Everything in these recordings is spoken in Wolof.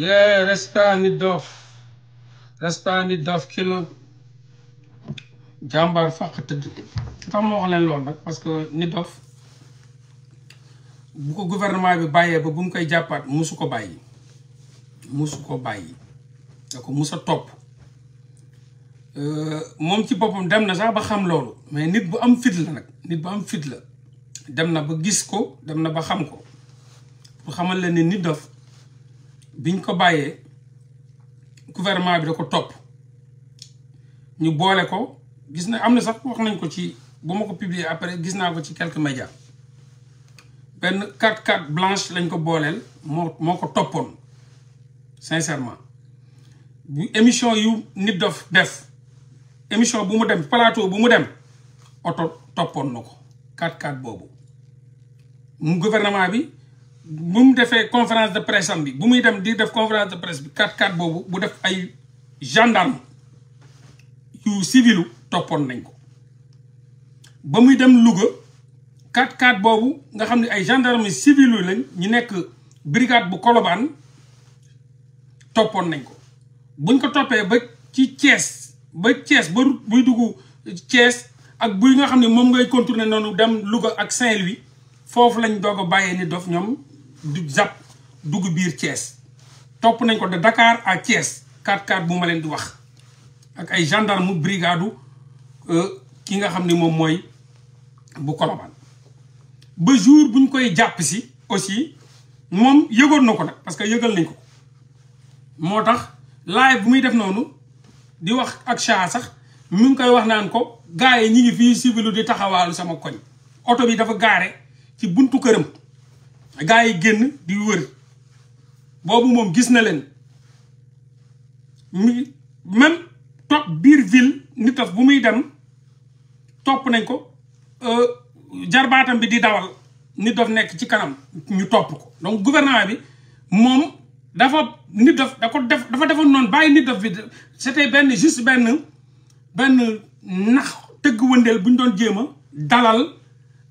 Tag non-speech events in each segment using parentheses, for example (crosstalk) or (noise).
Yeah, that's Pani Dof. That's Pani Dof kilo. Jambar faq teud. Tam mo xalen lool nak parce que ni dof bu ko gouvernement bi baye ba bu mu koy jappat musu ko bayyi. Musu ko bayyi. Da musa top. Euh mom ci bopam dem na sax ba xam loolu mais nit bu am fit la nak nit bu am fit dem na ba gis ko dem na ba xam ko bu xamal la ni ni biñ ko bàyyee gouvernement bi da ko topp ñu boole ko gis na am na sax wax nañ ko ci bu ma ko publier après gis naa ko ci quelques médias benn 4-4 blanche lañ ko booleel moo moo ko toppoon sincèrement bu émission yu nit dof def émission bu mu dem palaato bu mu dem oto toppoon na ko 4-4 boobu mu gouvernement bi bu mu defee conférence de presse am bi bu muy dem di def conférence de presse bi 4-4 boobu bu def ay gendarme yu civilu toppoon nañ ko ba muy dem Louga 4-4 boobu nga xam ne ay gendarme civilu lañ ñu nekk brigade bu Colobane toppoon nañ ko buñ ko toppee ba ci Thiès ba Thiès ba route buy dugg Thiès ak buy nga xam ne moom ngay contourner noonu dem Louga ak Saint-Louis foofu lañ doog a bàyyee ni dof ñoom du zap dugg biir Thiès top nañ ko de Dakar à Thiès 4-4 buma ma leen di wax ak ay gendarme brigade euh ki nga xamni mom moy bu Colobane ba jour buñ koy japp si aussi mom yegor nako nak parce que yegal nañ ko motax tax live bu muy def nonu di wax ak Cha sax mu ngi koy wax nan ko gaay yi ñi ngi fi civilu di taxawal sama koñ auto bi dafa garé ci buntu kërëm gaa yi génn di wër boobu moom gis na leen mu même topp biir ville nit taf bu muy dem topp nañ ko euh, jarbaatam bi di dawal nit dof nekk ci kanam ñu topp ko donc gouvernement bi moom dafa nit dof da def dafa defoon noonu bàyyi nit dof bi c'était benn juste benn benn nax tëgg wëndeel bu ñu doon jéem a dalal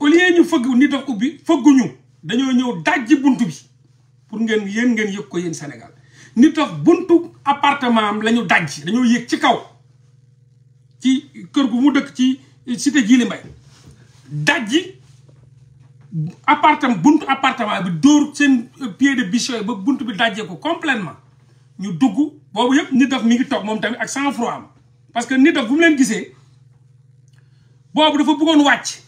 au lieu ñu fëgg nit ko bi fëgguñu dañoo ñëw dajji buntu bi pour ngeen yéen ngeen yëg ko yéen Sénégal nit dox buntu appartement am la ñu dañoo yëg ci kaw ci kër gu mu dëkk ci cité Djily Mbaye dajji appartement buntu appartement bi dóor seen pied de biche ba buntu bi dajjee ko complètement ñu dugg boobu yëpp nit dof mi ngi toog moom tamit ak sang froid am parce que nit dof bu mu leen gisee boobu dafa buggoon wàcc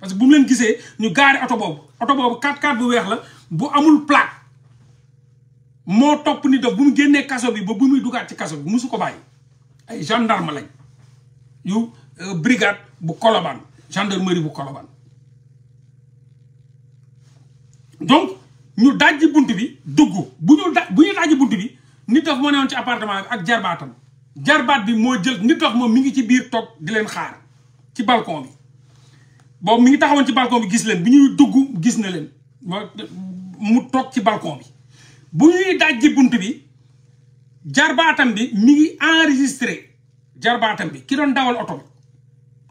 parce que bu mu leen gisee ñu gaari oto boobu oto boobu 4x4 bu weex la bu amul plaque moo topp ni daf bu mu génnee kaso bi ba bu muy dugaat ci kaso bi musu ko bàyyi ay gendarme lañ yu euh, brigade bu Colobane gendarmerie bu Colobane donc ñu dajji bunt bi dugg bu ñu daj bu ñu dajji bunt bi nit daf ma newoon ci appartement bi ak jarbaatam jarbaat bi moo jël nit daf ma mi ngi ci biir toog di leen xaar ci balcon bi boobu mi ngi taxawoon ci balcon bi gis leen bu ñuy dugg gis na leen mu toog ci balcon bi bu ñuy dajji bunt bi jarbaatam bi mu ngi enregistré jarbaatam bi ki doon dawal oto bi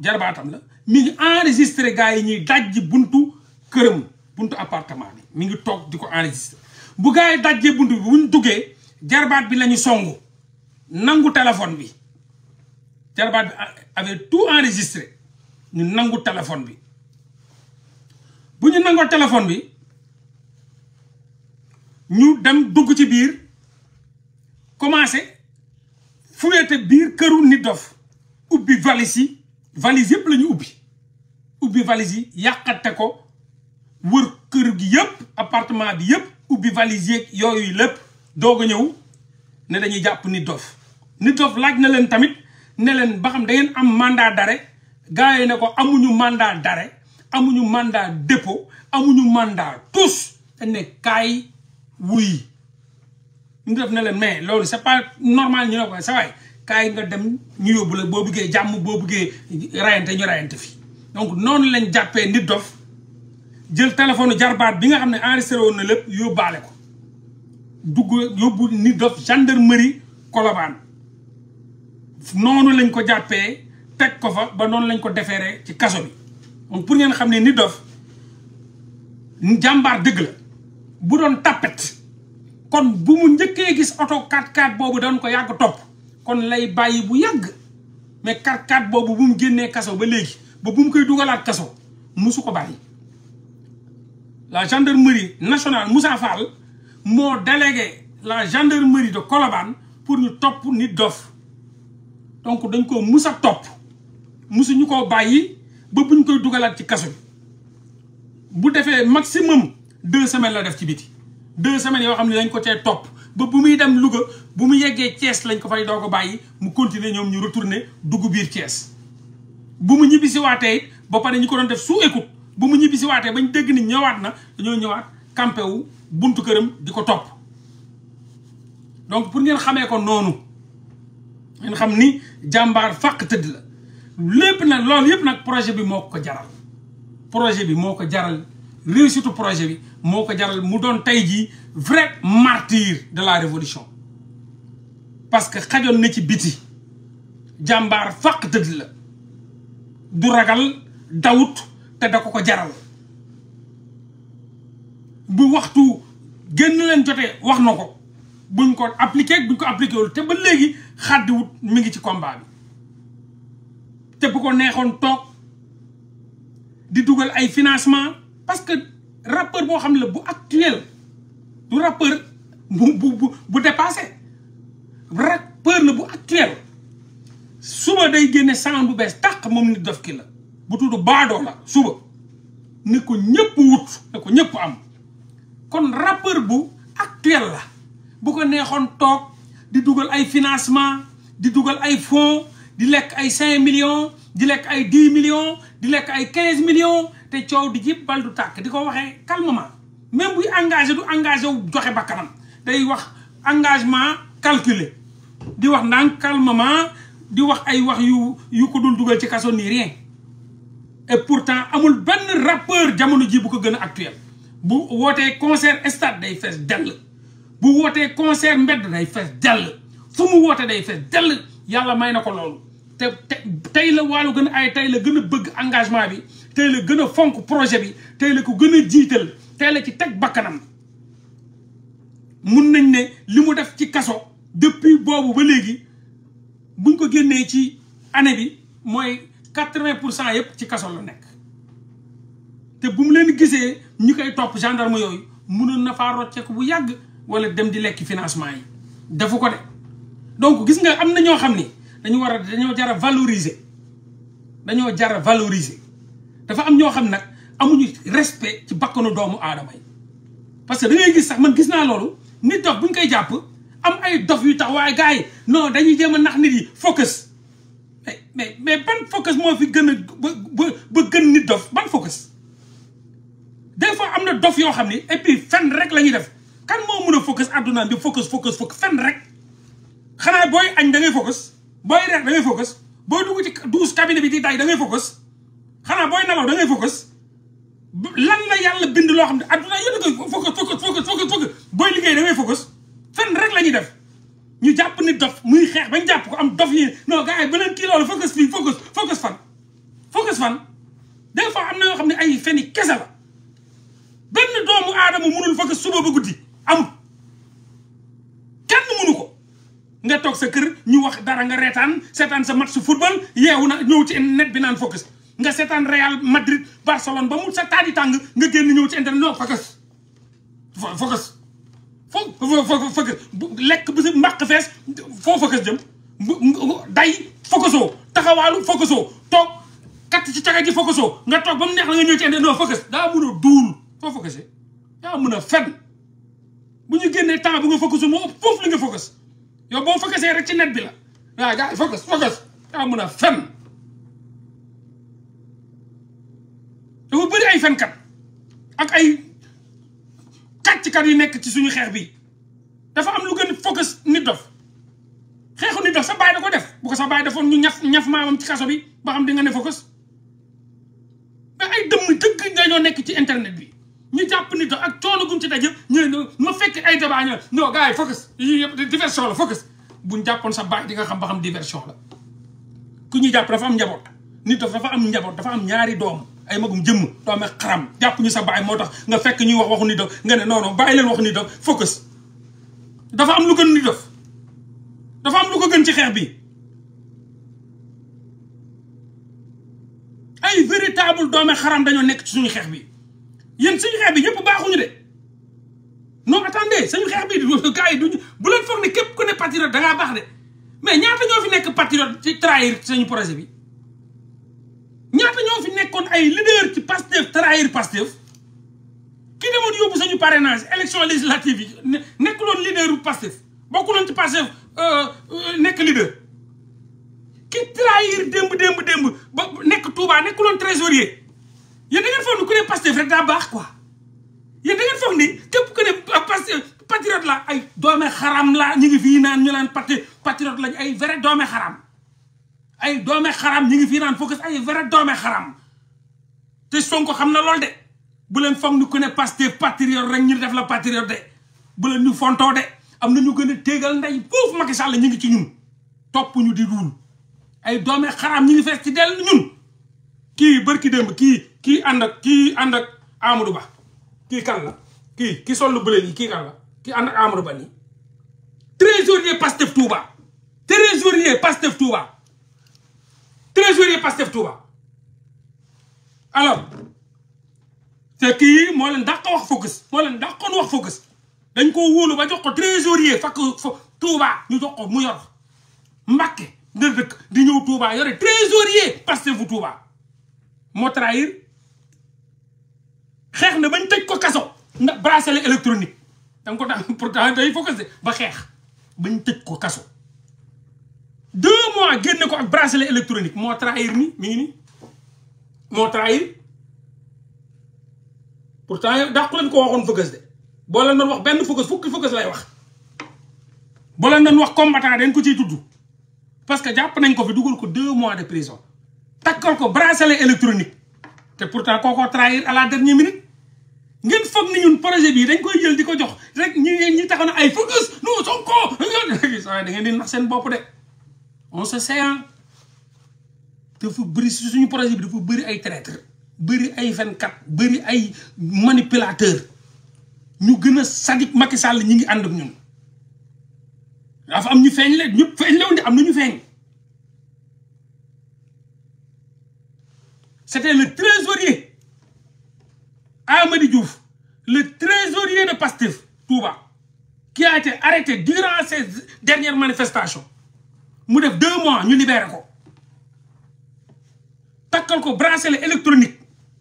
jarbaatam la mi ngi enregistré gars yi ñuy dajji buntu këram buntu appartement bi mi ngi toog di ko enregistré bu gars yi dajjee buntu bi bu ñu duggee jarbaat bi la songu nangu téléphone bi jarbaat bi avait tout enregistré ñu nangu téléphone bi bu ñu nangoo téléphone bi ñu dem dugg ci biir commencé fuyeete biir këru Nit Doff ubbi valise yi valise yëpp la ubbi ubbi valise yi yàqate ko wër kër gi yëpp appartement bi yëpp ubbi valise yooyu lépp doog a ñëw ne dañuy jàpp Nit Doff Nit Doff laaj na leen tamit ne leen ba xam da ngeen am mandat d'arrêt gars yi ne ko amuñu mandat d'arrêt amuñu mandat dépo amuñu mandat tous dañ ne kaay wuy ñu def ne leen mais loolu c'est pas normal ñu ne ko sa kaay nga dem ñu yóbbu la boo buggee jàmm boo bëggee rayante ñu rayante fi donc noonu lañ jàppee nit dof jël téléphone jarbaat bi nga xam ne enregistré woon na lépp yóbbaale ko dugg yóbbu nit dof gendarmerie Colobane noonu lañ ko jàppee teg ko fa ba noonu lañ ko defeeree ci kaso bi moom pour ngeen xam ne Nit Doff jàmbaar dëgg la bu doon tapet kon bu mu njëkkee gis oto 4x4 boobu doon ko yàgg topp kon lay bàyyi bu yàgg mais 4 x boobu bu mu génnee kaso ba léegi ba bu mu koy dugalaat kaso musu ko bàyyi la gendarmerie nationale Moussa Fall moo délégué la gendarmerie de Colobane pour ñu topp Nit Doff donc dañ ko mus topp musuñu ko bàyyi ba buñ koy dugalaat ci kaso bi bu defee maximum deux semaine la def ci biti deux semaines yoo xam ne dañ ko cee topp ba bu muy dem Louga bu mu yeggee cees lañ ko fay doo ko bàyyi mu continuer ñoom ñu retourner dugg biir Thiès bu mu ñibbisi waatee ba pare ñu ko doon def sous écoute bu mu ñibbisi waatee bañ dégg ni ñëwaat na dañoo ñëwaat campé wu buntu këram di ko topp donc pour ngeen xamee ko noonu ngeen xam ni jàmbaar fàq tëdd la lépp nag loolu yëpp nag projet bi moo ko jaral projet bi moo ko jaral réussite projet bi moo ko jaral mu doon tey jii vrai martyr de la révolution parce que xajoon na ci biti jàmbaar fàq dëdd la du ragal dawut te da ko ko jaral bu waxtu génn leen jotee wax na ko buñ ko appliqué du ko appliqué wul te ba léegi xàddiwut mu ngi ci combat bi té bu ko neexoon tok di dugal ay financement parce que rappeur bo xamné le bu actuel du rappeur bu bu bu dépassé rappeur le bu actuel suba day guéné sound bu bes tak mom nit def ki la bu tuddu bado la suba ni ko ñepp wut ni ko ñepp am kon rappeur bu actuel la bu ko neexoon tok di dugal ay financement di dugal ay fonds di lekk ay cinq millions di lekk ay dix millions di lekk ay quinze millions te coow di jib bal du tàkk di ko waxee calmement même buy engagé du engagé wu joxe bakkanam day wax engagement calculé di wax ndànk calmement di wax ay wax yu yu ko dul dugal ci kaso ni rien et pourtant amul benn rappeur jamono ji bu ko gën a actuel bu wootee concert stade day fees dell bu wootee concert mbedd day fees dell fu mu woote day fees dell yàlla may na ko loolu te te tey la waalo gën a ay tey la gën a bëgg engagement bi tey la gën a fonk projet bi tey la ko gën a jiital tey la ci teg bakkanam mun nañ ne li mu def ci kaso depuis boobu ba léegi buñ ko génnee ci année bi mooy quatre-vingt pour cent yëpp ci kaso la nekk te bu mu leen gisee ñu koy topp gendarme yooyu mënoon na faa rocceeku bu yàgg wala dem di lekk financement yi dafa ko de donc gis nga am na ñoo xam ni dañu war a dañoo jar a dañoo jar a dafa am ñoo xam nag amuñu respect ci bakkanu doomu aadama yi parce que da gis sax man gis naa loolu nit dof bu ñu koy jàpp am ay dof yu tax waaye gars yi non dañuy jéem a nax nit yi focus mais mais mais ban moo fi gën a ba gën nit dof ban focus des fois am na dof yoo xam ne et puis fen rek la ñuy def kan moo mun a focus àdduna bi focus focus focus fen rek xanaa booy añ da ngay booy reer da ngay focus booy dugg ci douze cabinet bi di day da ngay focus xanaa booy nelaw da ngay focus lan la yàlla bind loo xam ne adduna yëpp da focus focus focus focus focus booy liggéey da ngay focus la ñuy def ñu jàpp ni dof muy xeex bañ jàpp ko am dof yi non gars yi beneen kii loolu focus fii focus focus fan focus fan des fois am na yoo xam ne ay feni kese la benn doomu aadama mënul focus suba ba guddi amul nga tok sa kër ñu wax dara nga rétane sétane sa match football yeewu na ñew ci net bi naan focus nga sétane Real Madrid Barcelone ba mu sa tadi tang nga genn ñew ci internet no focus focus focus lek bu si mbàq fees foo focus jëm day focuso taxawalu focuso tok kat ci caga ji focusoo nga tok bam neex la nga ñew ci internet no focus da mu do dul fo focusé da mu na fenn bu ñu génnee temps bu nga focus mo fofu la nga focus yow boo focusé rek ci net bi la waaw gars yi focus focus daa mën a fen dafa bëri ay fenkat ak ay kàcckat yi nekk ci suñu xeex bi dafa am lu gën focus nit dof xeexu nit dof sa bàyyi da ko def bu ko sa bàyyi defoon ñu ñaf ñaf maamam ci kaso bi ba xam di nga ne focus mais ay dëmm dëgg dañoo nekk ci internet bi ñu jàpp nit dox ak coono guñ ci daje ñu ma fekk ay débat ñu non gars yi focus yii yëpp diversion la focus buñ jàppoon sa baay di nga xam ba xam diversion la ku ñuy jàpp dafa am njaboot nit dof dafa am njaboot dafa ñaari doom ay magum jëmm doome xaram jàpp ñu sa baay moo tax nga fekk ñuy wax waxu nit dof nga ne non non bàyyi leen waxu nit am lu gën nit dof dafa am lu ko gën ci xeex bi ay véritable doome xaram dañoo nekk ci suñu xeex bi Il n'y a pas de problème. de non attendez c'est xeex bi gars qui duñu bu leen ne que ku de mais ñaata ñoo fi nekk patriote ci trahir projet bi ñaata ñoo fi pas ay leader ci Pastef trahir Pastef ki demoon parrainage élection législative yi leaderu Pastef ci Pastef euh, euh, nekk leader ki trahir démb démb ba nekk Touba le trésorier yéen da ngeen foog ni ku ne Pastef rek daa baax quoi yéen da ngeen foog ni képp ku ne Pastef la ay doome xaram la ñu ngi fii naan ñu laan parti patriote lañ ay vrai doome xaram ay doome xaram ñu ngi fii naan focus ay vrai doome xaram te Sonko xam na lool de bu leen foog ni ku ne Pastef patriote rek ñu def la patriote de bu leen ñu fontoo de am na ñu gën a téegal ndey foofu Macky Sall ñu ngi ci ñun topp ñu di duul ay doome xaram ñu ngi fees ci dell ñun kii bërki démb kii kii ànd kii ànd ak Amadou Ba kii kan la kii ki sol lu kii kan la kii ànd ak Amadou Ba nii trésorier Pastef Touba trésorier Pastef Touba trésorier Pastef Touba alors te kii moo leen dàq wax focus moo leen dàqoon dañ ko wóolu ba jox ko trésorier fakk Touba ñu jox ko mu yor Mbàkke nga dëkk di ñëw Touba yore trésorier Pastef bu Touba moo trahir xex na bañ tej ko kaso ndax bracelet électronique danga ko daan pourtant day focus ba xex bañ tej ko kaso deux mois genn ko ak bracelet électronique mo trahir ni mi ni mo trahir pourtant dàqu leen ko waxon focus de bo leen doon wax ben focus fukki focus lay wax bo leen doon wax combattant den ko ci tuddu parce que japp nañ ko fi dugul ko deux mois de prison takkal ko bracelet électronique té pourtant koko trahir à la dernière minute ngeen foog ni ñun projet bii dañ koy jël di ko jox rek ñu ñi taxaw na ay focus non Sonko (laughs) da ngeen di nax seen bopp de on se sait dafa bëri suñu projet bi dafa bëri ay traître bëri ay fenkat bëri ay manipulateur ñu gën a sadik Macky Sall ñi ngi ànd ak ñun dafa am ñu feeñ le ñëpp feeñ lew ndi am na ñu feeñ c'était le trésorier Amadi Diouf, le trésorier de Pastef, Touba, qui a été arrêté durant ces dernières manifestations. a def deux mois ñu libérons. ko takkal ko bracelet électronique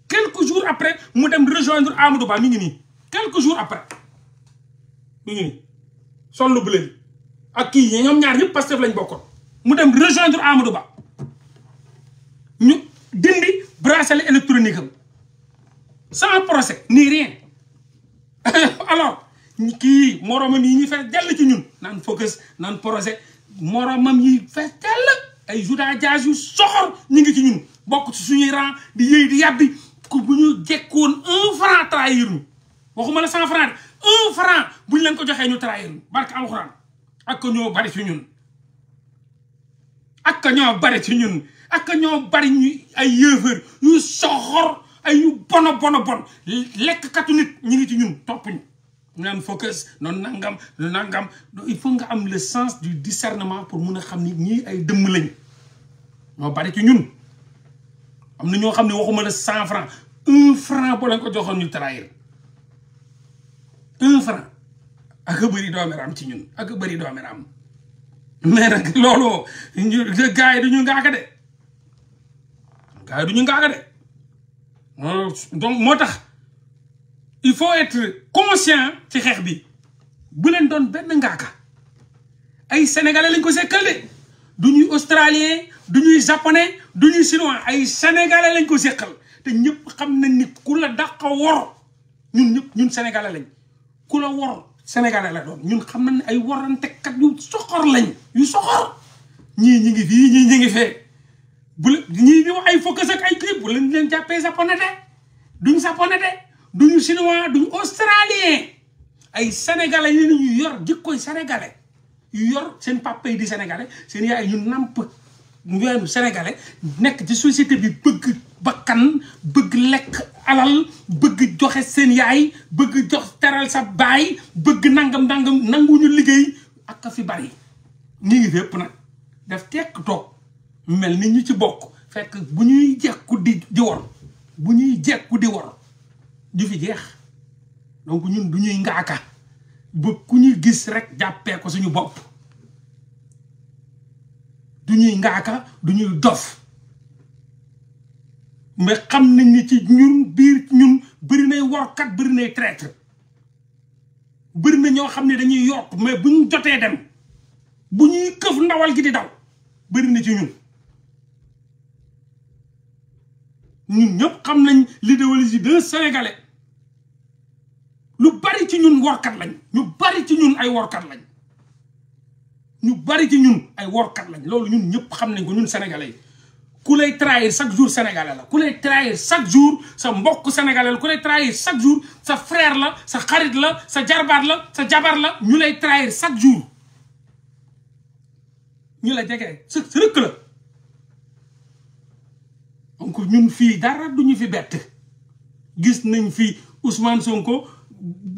quelques jours après il dem rejoindre Amadou Ba quelques jours après Il a nii sol lu Il ak kii yi ñoom ñaar yëpp Pastef lañ rejoindre Amadou Ba ñu dindi bracelet électronique sans procès ni rien (laughs) alors kii moromam yi ñu fees dell ci ñun naan focus naan projet moromam yi fees dell ay juda jaas yu soxor ñu ngi ci ñun bokk ci suñuy rang di yëy di yàbbi ku bu ñu jekkoon un franc trahir ñu waxuma la cent franc un franc bu ñu leen ko joxee ñu trahir ñu barke alxuraan ak ko ñoo bari ci ñun ak ko ñoo bari ci ñun ak ko ñoo bari ñu ay yëfër yu soxor ay yu bono bono bon lekk katu nit ñi ngi ci ñun topp ñu ñu am focus noonu nangam noonu nangam il faut nga am le sens du discernement pour mun a xam ni ñii ay dëmm lañ moo bari ci ñun am na ñoo xam ne waxuma la cent franc un franc boo leen ko joxoon ñu trahir franc ak bëri bëri dooméram ci ñun ak a bëri dooméram mais nag loolu gars yi du ñu ngaaka de gars du ñu ngaaka de donc motax, il faut être conscient ci xex bi bu len don ben ngaka. ay sénégalais lañ ko sekkal dé. du australien du japonais du chinois ay sénégalais lañ ko sekkal Té ñepp xam nañ ni kula la wor ñun ñepp ñun sénégalais lañ Kula wor sénégalais la doon ñun xam nañ ay worante kat yu soxor lañ yu soxor Ñi ñi ngi fii ñi ngi fee bu la ñii di wax ay fokk sa ay kii bu leen leen jàppee sa duñ saponete duñu chinois duñu australien ay sénégalais yi ñu yor jikkoy sénégalais yu yor seen papa yi di sénégalais seen yaay yu namp weenu sénégalais nekk ci société bi bëgg bakkan bëgg lekk alal bëgg joxe seen yaay bëgg jox teral sa baay bëgg nangam nangam ñu liggéey ak fi bari ñu ngi fépp nag daf tekk toog mel ni ñu ci bokk fekk bu ñuy jekku di di bu ñuy jekku di wor ju fi jeex donc ñun du ñuy ngaaka ba ku ñuy gis rek jàppee ko suñu bopp du ñuy ngaaka du ñuy dof mais xam nañ ni ci ñun biir ñun bëri nay workat bëri nay bëri na ñoo xam ne dañuy yokk mais bu ñu jotee dem bu ñuy këf ndawal gi di daw bëri na ci ñun ñun ñëpp xam nañ l'idéologie de sénégalais lu bari ci ñun workat lañ ñu bari ci ñun ay workat lañ ñu bari ci ñun ay workat lañ loolu ñun ñëpp xam nañ ko ñun sénégalais yi ku lay trahir chaque jour sénégalais la ku lay trahir chaque jour sa mbokk sénégalais la ku lay trahir chaque jour sa frère la sa xarit la sa jarbaat la sa jabar la ñu lay trahir chaque jour ñu la jege sa rëkk la donc ñun fii dara du ñu fi bett gis nañ fi Ousmane Sonko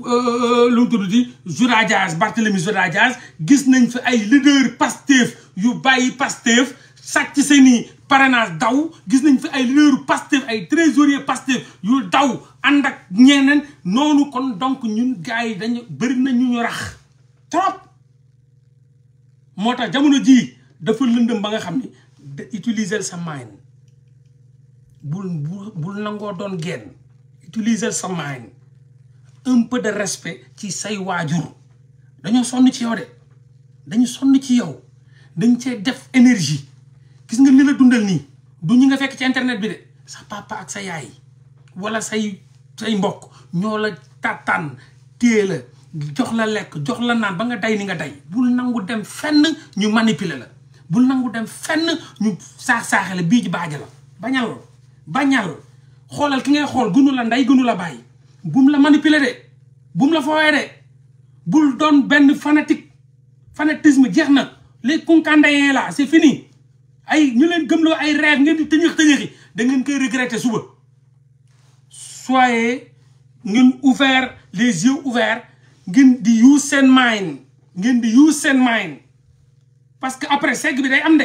euh, euh, lu mu tudd di Zoura Dias Barthélemy gis nañ fi ay leader Pastef yu bàyyi Pastef sàcc seeni parrainage daw gis nañ fi ay leader Pastef ay trésorier Pastef yu daw ànd ak ñeneen noonu kon donc ñun gars yi dañu bëri na ñu ñu rax trop moo tax jamono ji dafa lëndëm ba nga xam ni utiliser sa mind bul bul nangoo doon genn utiliser sa maañ un peu de respect ci say waajur dañoo sonn ci yow de dañu ci yow dañ cee def énergie gis nga li la dundal nii du ñu nga fekk ci internet bi de sa papa ak sa yaay wala say say mbokk ñoo la tàttaan téye la jox la lekk jox la naan ba nga day ni nga dey bul nangu dem fenn ñu manipuler la bul nangu dem fenn ñu saax saaxe la bii ji baaja la bañal bañal xoolal ki ngay xool gunu la ndey gunu la bàyyi bum la manipuler de bum la fooyee de bul doon benn fanatique fanatisme jeex na les kunkandayee la c'est fini ay ñu leen gëmloo ay rêve ngeen di tëñëx tëñëxi da ngeen koy regretter suba soyez ngeen ouvert les yeux ouverts ngeen di use seen mind ngeen di use seen mind parce que après segg bi day am de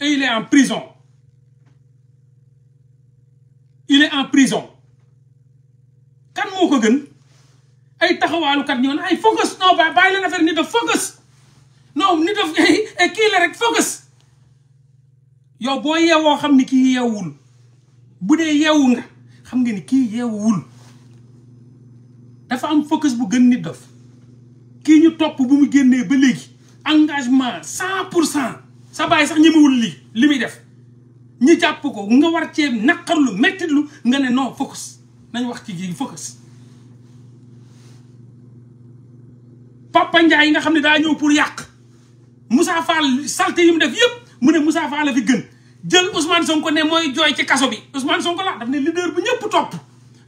et il est en prison il est en prison kan moo ko gën ay taxawaalukat ñoo ne ay focus non bàyyi leen affaire nit def focus non nit def (laughs) kii la rek focus yow boo yeewoo xam ni kii yeewul bu dee yeewu nga xam nga ni kii yeewul dafa am focus bu gën nit def kii ñu topp bu mu génnee ba léegi engagement cent pour cent sa bay sax ñemewul lii li limi def ñi japp ko nga war cee naqarlu mettitlu nga ne non focus nañ wax ci gi focus Papa ndjay nga xamni da ñew pour yàq Moussa Fall salté yim def yépp mu ne Moussa Fall la fi gën jël Ousmane Sonko ne moy joy ci kasso bi Ousmane Sonko la daf ne leader bu ñëpp top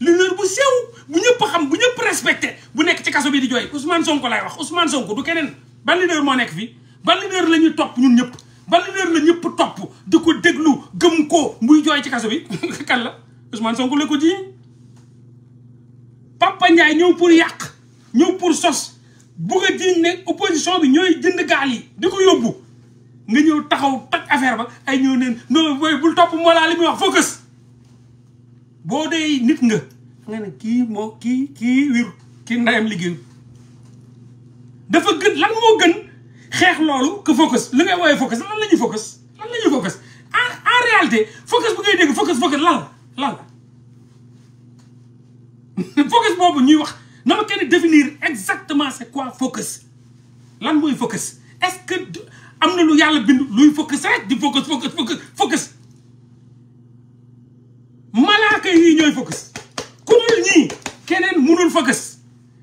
leader bu sew bu ñëpp xam bu ñëpp respecté bu nekk ci kasso bi di joy Ousmane Sonko lay wax Ousmane Sonko du keneen ban leader mo nekk fi ban leader lañu top ñun ñëpp ban leer la ñëpp topp di ko déglu gëm ko muy jooy ci kaso bi (laughs) kan la Ousmane Sonko la ko jiiñ Papa Ndiaye ñëw pour yàq ñëw pour sos bugg a jiiñ ne opposition bi ñooy jënd gaal yi di ko yóbbu nga ñëw taxaw toj affaire ba ay ñëw neen non booy bul topp Mollah li muy wax focus boo dee nit nga nga ne kii moo kii kii wir kii ndayam liggéey dafa gën lan moo gën xeex loolu que focus li ngay woowee focus lan la ñuy focus lan la ñuy focus en en réalité focus bu ngay dégg focus focus lan lan (laughs) focus boobu ñuy wax na ma kenn définir exactement c'est quoi focus lan mooy focus est-ce que am na lu yàlla bind luy focus rek di focus focus focus focus malaaka yi ñooy focus ku dul ñii keneen mënul focus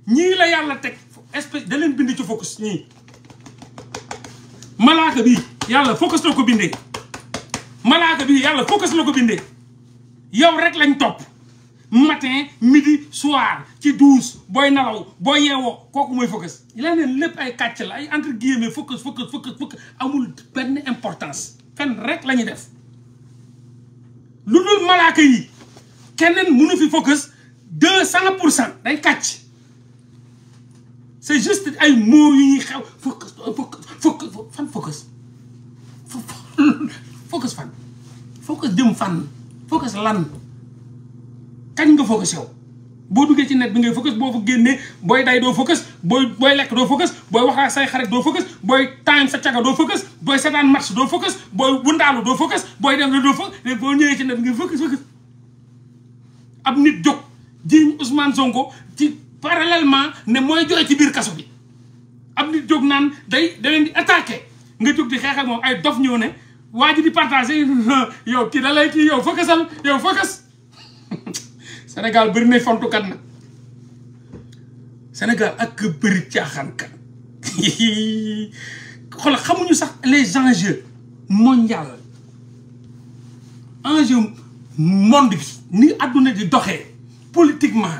ñii la yàlla teg espèce da leen bind ci focus ñii malaaka bi yàlla focus la ko bindee malaaka bi yàlla focus ko bindee yow rek lañ top matin midi soir ci douze booy nalaw booy yeewoo kooku mooy focus leneen lépp ay kàcc la ay entre guillemets focus focus focus focus amul benn importance fenn rek la def lu dul malaaka yi keneen mënu fi focus deux cent pour cent day kàcc c'est juste ay mots yu ñuy xew focus focus fan focus focus fan focus jëm fan focus lan kañ nga focus yow boo duggee ci net bi ngay focus boo fa génnee booy day doo focus booy booy lekk doo focus booy waxaa say xarit doo focus booy time sa caga doo focus booy seetaan match doo focus booy wundaalu doo focus booy dem la doo focus mais boo ñëwee ci net bi ngay focus focus ab nit jóg jiñ Ousmane Sonko parallèlement ne mooy jooy ci biir kaso bi am nit jóg naan day da leen di attaqué nga jóg di xeex moom ay dof ñëw ne waa ji di partagé (laughs) yow kii da lay kii yow focusal yow focus (laughs) Sénégal bëri na fontukat nag Sénégal ak bëri caaxaankat (laughs) xool xamuñu sax les enjeux mondial enjeu monde bi ni àdduna di doxee politiquement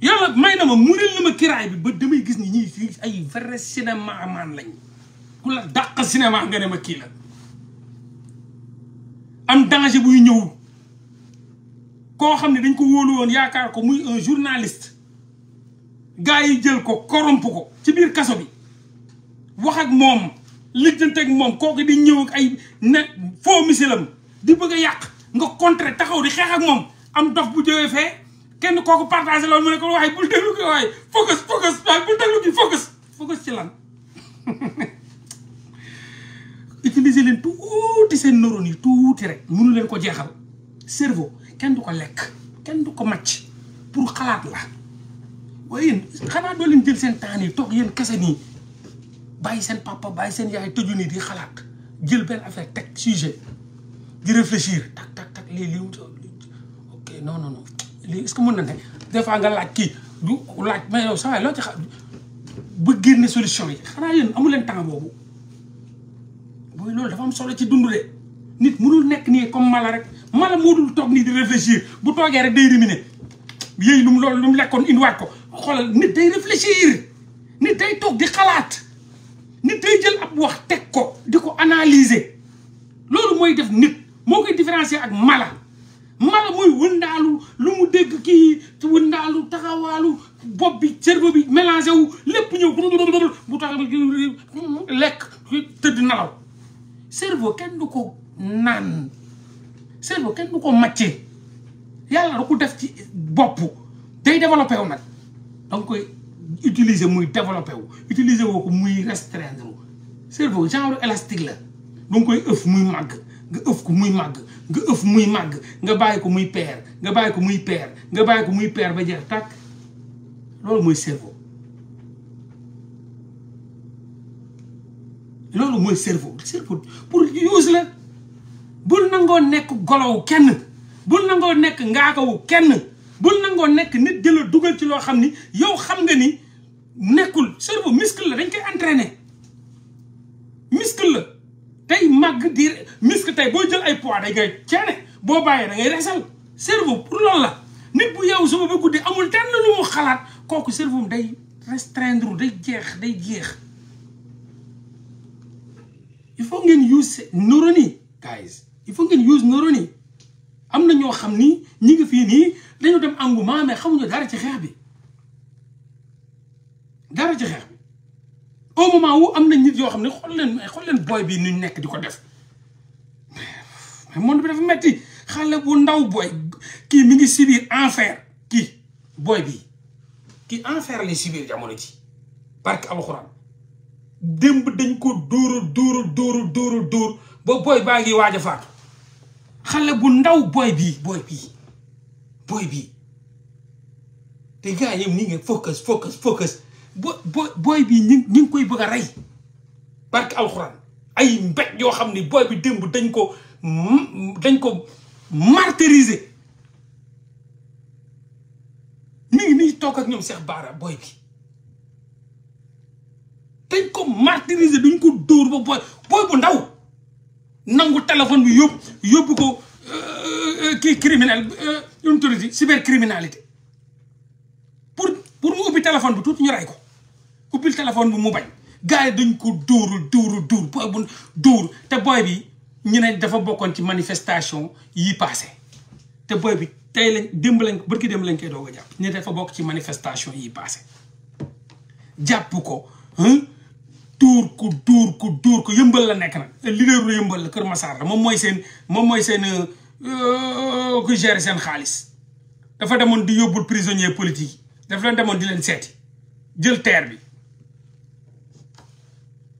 yàlla may na ma muril na ma kiraay bi ba damay gis ni ñii fii ay vrai cinéma man lañ ku la dàq cinéma nga ne ma kii la am danger buy ñëw koo xam ne dañ ko wóolu woon yaakaar ko muy un journaliste gars yi jël ko corrompe ko ci biir kaso bi wax ak moom lijjante ak moom kooku di ñëw ay ne foo misilam di bëgg a yàq nga contrer taxaw di xeex ak moom am dof bu jógee fee kenn kooku partagé loolu mu ne ko waaye bul déglu ko waaye focus focus waaye bul déglu ki focus focus ci lan (laughs) utiliser leen tuuti seen neurones yi tuuti rek mënu leen ko jeexal cerveau kenn du ko lekk kenn du ko màcc pour xalaat la waaye yéen xanaa doo leen jël seen temps toog yéen kese nii bàyyi seen papa bàyyi seen yaay tëju nii di xalaat jël benn affaire teg sujet di réfléchir tak tak tak lii lii ok non non non lii est-ce que mën na ne des fois nga laaj kii du laaj mais yow saa waay loo génne solution yi xanaa yéen amu leen temps boobu booy loolu dafa am solo ci dund de nit mënul nekk nii comme mala rek mala moo dul toog nii di réfléchir bu toogee rek day ruminer yéy lu mu loolu lu lekkoon indiwaat ko xoolal nit day réfléchir nit day toog di xalaat nit day jël ab wax teg ko di ko analise loolu mooy def nit moo koy différencier ak mala mala muy wëndaalu lu mu dégg kii wëndaalu taxawaalu bopp bi cerveau bi mélangé wu lépp ñëw bu tax lekk tëdd nalaw cerveau kenn du ko naan cerveau kenn du ko màccee yàlla da ko def ci bopp day développé wu nag danga koy utiliser muy développé wu utiliser woo ko muy restreindre cerveau genre élastique la danga koy ëf muy màgg nga ëf ko muy màgg nga ëf muy màgg nga bàyyi ko muy peer nga bàyyi ko muy peer nga bàyyi ko muy peer ba jeex tàkk loolu mooy cerveau loolu mooy cerveau cerveau pour use la bul nangoo nekk golowu kenn bul nangoo nekk ngaakawu kenn bul nangoo nekk nit jëla dugal ci loo xam ni yow xam nga ni nekkul cerveau muscle la dañ koy entraîner muscle la day màgg di muscle tey boo jël ay point da ngay ceene boo bàyyee da ngay resal cerveau pour loolu la nit bu yow suba ba amul tànn lu mu xalaat kooku cerveau day restreindre day jeex day jeex il faut ngeen use neurone yi il faut ngeen use neurone am na ñoo xam ni ñi ngi fii nii dañu dem angu mais xamuñu dara ci xeex bi au moment wu am na nit yoo xam ne xool leen xool leen booy bi ñu nekk di ko def mais monde bi dafa metti xale bu ndaw booy kii mi ngi subir enfer kii booy bi kii enfer lay subir jamono ji barke alxuraan démb dañ ko dóora dóora dóora dóora dóor ba booy baa ngi waaj a faatu xale bu ndaw booy bii booy bii booy bii te gars yi ni nga focus focus focus bo bo booy bi ñu ngi koy bëgg a rey barke alxuraan ay mbéj yoo xam ni booy bi démb dañ ko dañ ko martyriser mi ngi nii toog ak ñoom Cheikh Bara booy bi dañ ko martyriser duñ ko dóor ba booy bu ndaw nangu téléphone bi yóbbu yóbbu ko euh, euh, kii criminel une euh, autorité cybercriminalité pour pour mu ubbi téléphone bi tuuti ñu rey ko ubbil téléphone bi mu bañ gars yi dañ ko dóoru dóoru dóor booy bu dóor te booy bi ñu ne dafa bokon ci manifestation yi passé te boy bi tey lañ démb lañ bërki démb lañ koy doog a jàpp ñu dafa bokk ci manifestation yi passé jàpp ko hein? dóor ko dóor ko dóor ko yembal la nekk nag leaderu yëmbal la Kër Massar la moom mooy seen moom mooy seen euh, euh, ku gérer seen xaalis dafa demoon di yóbbul prisonnier politique yi dafa leen demoon di leen seeti jël terre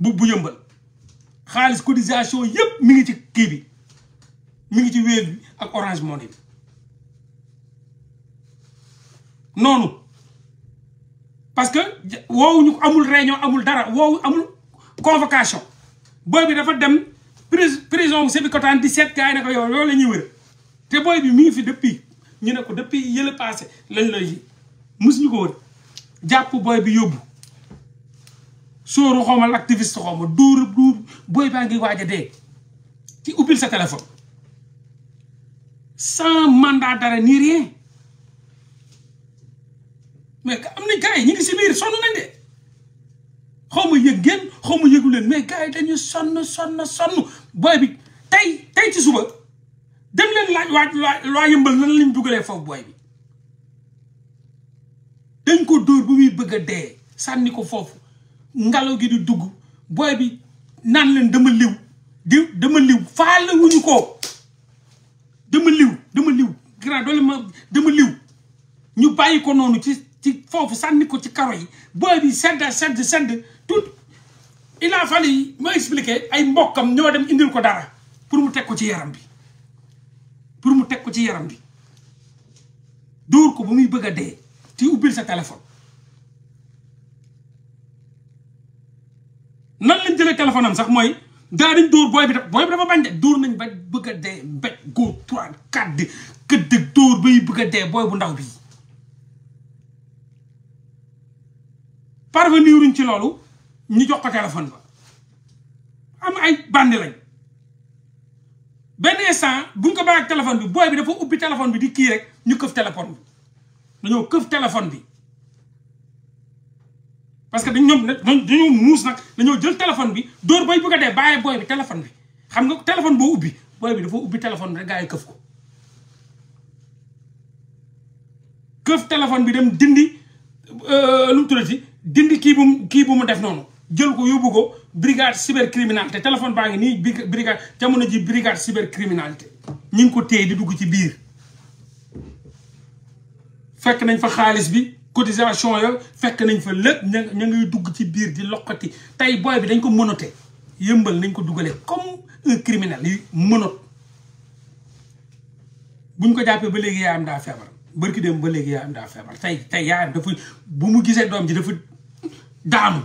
bu bu yëmbal xaalis cotisation yëpp mi ngi ci kii bi mu ngi ci Wave bi ak Orange Money noonu parce que woowuñu amul réunion amul dara woowu amul convocation booy bi dafa dem prison Sébikotane 17 gars yi ne ko yow loolu la ñuy wër te booy bi mi ngi fi depuis ñu ne ko depuis yële passé lañ lay musuñu ko wër jàpp booy bi yóbbu sóoru xawmal activiste xawma duur duur booy baa ngi waaj a dee ci ubbil sa téléphone sans mandat d'arrêt ni rien mais am na gars yi ñu ngi si biir sonn nañ de xaw ma yëg ngeen xaw ma yëgu leen mais gars yi dañu sonn sonn sonn booy bi tey tey ci suba dem leen laaj waaj laa yëmbal lan lañ dugalee foofu booy bi dañ ko dóor bu muy bëgg a dee sànni ko foofu ngelaw gi di dugg booy bi naan leen dama liw di dama liw faale wuñu ko dama liw dama liw grand doole ma dama liw ñu bàyyi ko noonu ci ci foofu sànni ko ci karo yi booy bi sedd sedd sedd tout il a fallu ma expliqué ay mbokkam ñoo dem indil ko dara pour mu teg ko ci yaram bi pour mu teg ko ci yaram bi dóor ko ba muy bëgg a dee ci ubbil sa téléphone nan lañ jëlee téléphone am sax mooy daa dañ dóor booy bi dafa booy bi bañ de dóor nañ ba bëgg a dee mbéj góor trois quatre di këdd dóor bay bëgg dee booy bu ndaw bi parveniruñ ci loolu ñu jox ko téléphone ba am ay bandi lañ benn instant buñ ko bàyyi ak bi booy bi dafa ubbi téléphone bi di kii rek ñu këf téléphone bi dañoo këf téléphone bi parce que dañ ñoom dañoo muus nag dañoo jël téléphone bi dóor bay bëgg a dee bàyyi booy bi téléphone bi xam nga téléphone boo ubbi booy bi dafa ubbi téléphone bi rek gaa yi téléphone bi dem dindi euh, lu mu tuddati dindi kii bu kii bu mu def noonu jël ko yóbbu ko brigade cybercriminalité téléphone baa ngi nii brigade jamono ji brigade cybercriminalité ñu ngi ko téye di dugg ci biir fekk nañ fa xaalis bi cotisation yo fekk nañ fa lépp ñu ña ngay dugg ci biir di loqati tey booy bi dañ ko mënote yëmbal nañ ko dugalee comme un criminel yi mënot buñ ko jàppee ba léegi yaayam daa feebar bërki dem ba léegi yaayam daa feebar tey tey yaayam dafa bu mu gisee doom ji dafa daanu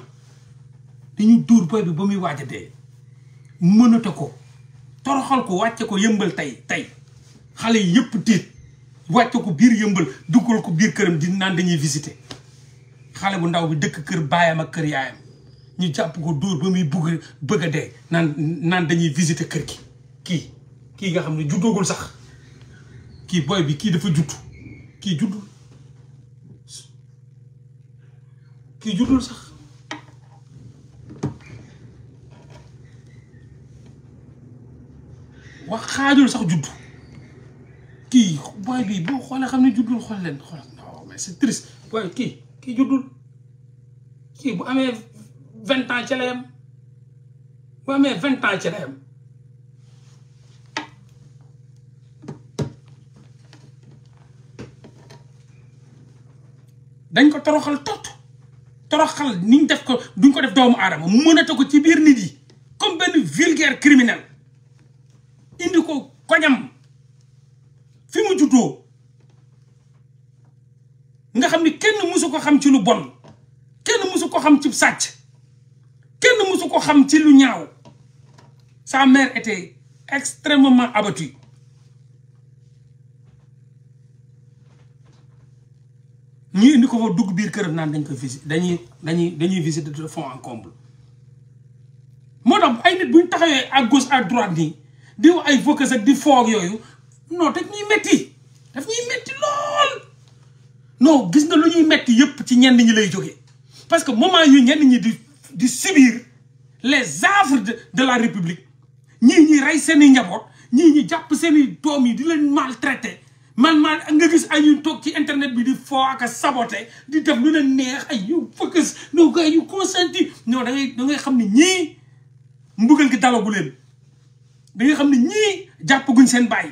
dañu tuur booy bi ba muy waaj a dee mënate ko toroxal ko wàcce ko yëmbal tey tey xale yi yëpp wàcc ko biir yëmbal duggal ko biir këram di naan dañuy visité xale bu ndaw bi dëkk kër baayam ak kër yaayam ñu jàpp ko dóor ba muy bugg bëgg a dee naan naan dañuy visité kër gi kii kii nga xam ne juddoogul sax kii booy bi kii dafa judd kii juddul kii juddul sax wax xaajul sax juddu kii booy bii boo xoolee xam ne juddul xool leen xool non mais c'est triste booy kii kii juddul kii bu amee vingt ans ci la yem bu amee vingt ans ci la dañ ko toroxal toroxal niñ def ko duñ ko def doomu aadama mënata ko ci biir nit yi comme benn vulgaire criminel indi ko koñam fi mu nga xam ni kenn mësu ko xam ci lu bon kenn mësu ko xam ci sàcc kenn mësu ko xam ci lu ñaaw sa mère était extrêmement abattue ñu indi ko fa dugg biir këram naan dañ ko visite dañuy dañuy dañuy visite de fond en comble moo tax ay nit buñ taxawee à gauche à droite nii di wax ay focus ak di foog yooyu non daf ñuy metti daf gis nga lu ñuy yëpp ci ñenn ñi lay jógee parce que moment yu ñenn ñi di di subir les affres de la république ñii ñi rey seen i njaboot ñii ñi jàpp seen i yi di leen maltraité man man nga gis ay yu toog ci internet bi di foo ak di def lu leen neex ay yu focus no gars xam ni ñii mbugal gi dalagu leen xam ne ñii jàppaguñ seen bàyyi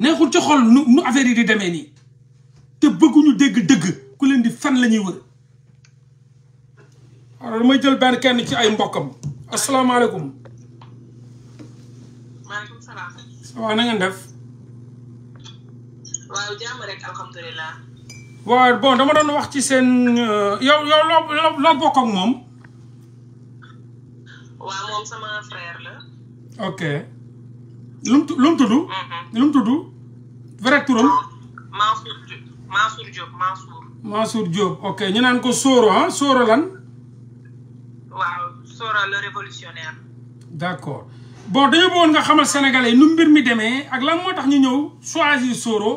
neexul ci xol nu nu affaire yi di demee nii te bëgguñu dégg dëgg ku leen di fan lañuy ñuy wër damay jël benn kenn ci ay mbokkam asalaamaaleykum. maaleykum def. waaw jàmm dama doon wax ci seen euh, yow yow loo loo bokk moom. waaw moom sama frère la. ok. lu tudd mm-hmm. lu tudd. vrai turam. Mansour Diop Mansour Diop ok ñu naan ko Soro ah Soro lan. waaw Soro le révolutionnaire. d' accord bon dañoo bëggoon nga xamal sénégalais nu mbir mi demee ak lan moo tax ñu ñëw choisir Soro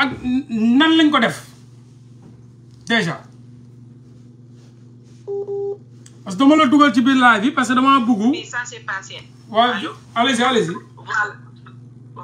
ak nan lañ ko def déjà. parce que dama la dugal ci biir live bi parce que damaa bëgg. mais ça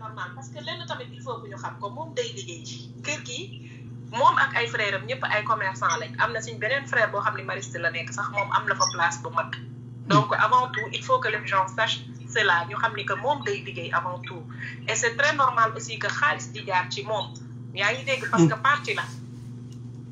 normal parce que lenn tamit il faut que nous xam ko moom day liggéey kër gi ak frères am ay commerçant lañ frère boo xam la sax place bu mag donc avant tout il faut que les gens sachent cela ñu xam que moom day liggéey avant tout et c'est très normal aussi que xaalis di ci moom yaa ngi dégg parce que la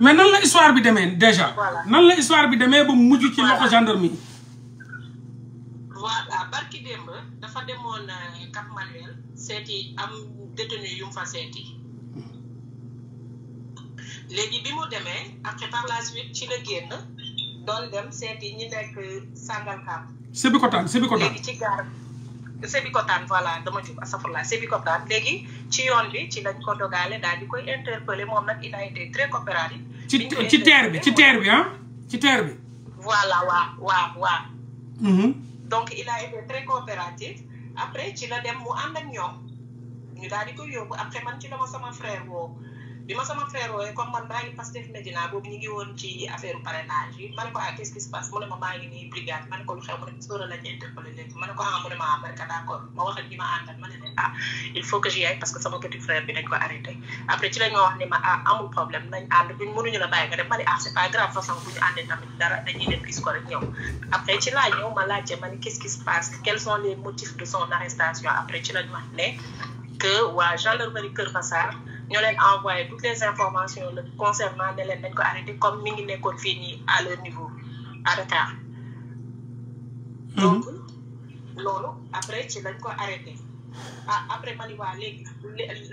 mais nan la histoire bi demee déjà. nan la histoire bi demee ba mujj ci loxo gendarmerie. voilà barki démb dafa demoon euh, Cap Manuel seeti am détenu yu fa seeti. léegi bi mu demee après par la suite ci la génn doon dem seeti ñi nekk Sangalkam. Sébikotane Sébikotane léegi ci gaar Sébikotane voilà dama jub asafurla Sébikotane léegi ci yoon bi ci lañ ko dogale daal di koy interpeller moom nag il a été très coopératif. ci ci terre bi ci terre bi ah ci terre bi. voilà waaw waaw waaw. Mm-hmm. donc il a été très coopératif après ci la dem mu ànd ak ñoom ñu daal di koy yóbbu après man ci la ma sama frère woo. bi ma sama frère wooyee comme man maa ngi Pastef Medina boobu ñu ngi woon ci affaire parrainage yi ma ne ko ah qu'est-ce qui se passe mu ne ma maa ngi nii brigade ma ne ko lu xew mu ne sóora lañ interpellé léegi ma ne ko ah mu ne ma ah ma ne ko d'accord ma wax ak ñi ma àndal ma ne leen ah il faut que j'y aille parce que sama petit frère bi dañ ko arrêté après ci lañ ma wax ni ma ah amul problème nañ ànd buñ mënuñu la bàyyi nga dem ma ne ah c'est pas grave façon bu ñu àndee tamit dara dañuy dem gis ko rek ñëw après ci laa ñëw ma laajte ma ne qu'est-ce qui se passe quels sont les motifs de son arrestation après ci lañ wax ne que waa gendarmerie Kër Massar ñoo leen envoyé toutes les informations concernant ne leen nañ comme mi ngi nekkoon fii à leur niveau à retard. Hmm. donc loolu après ci lañ ko arrêté ah, après ma ni waa léegi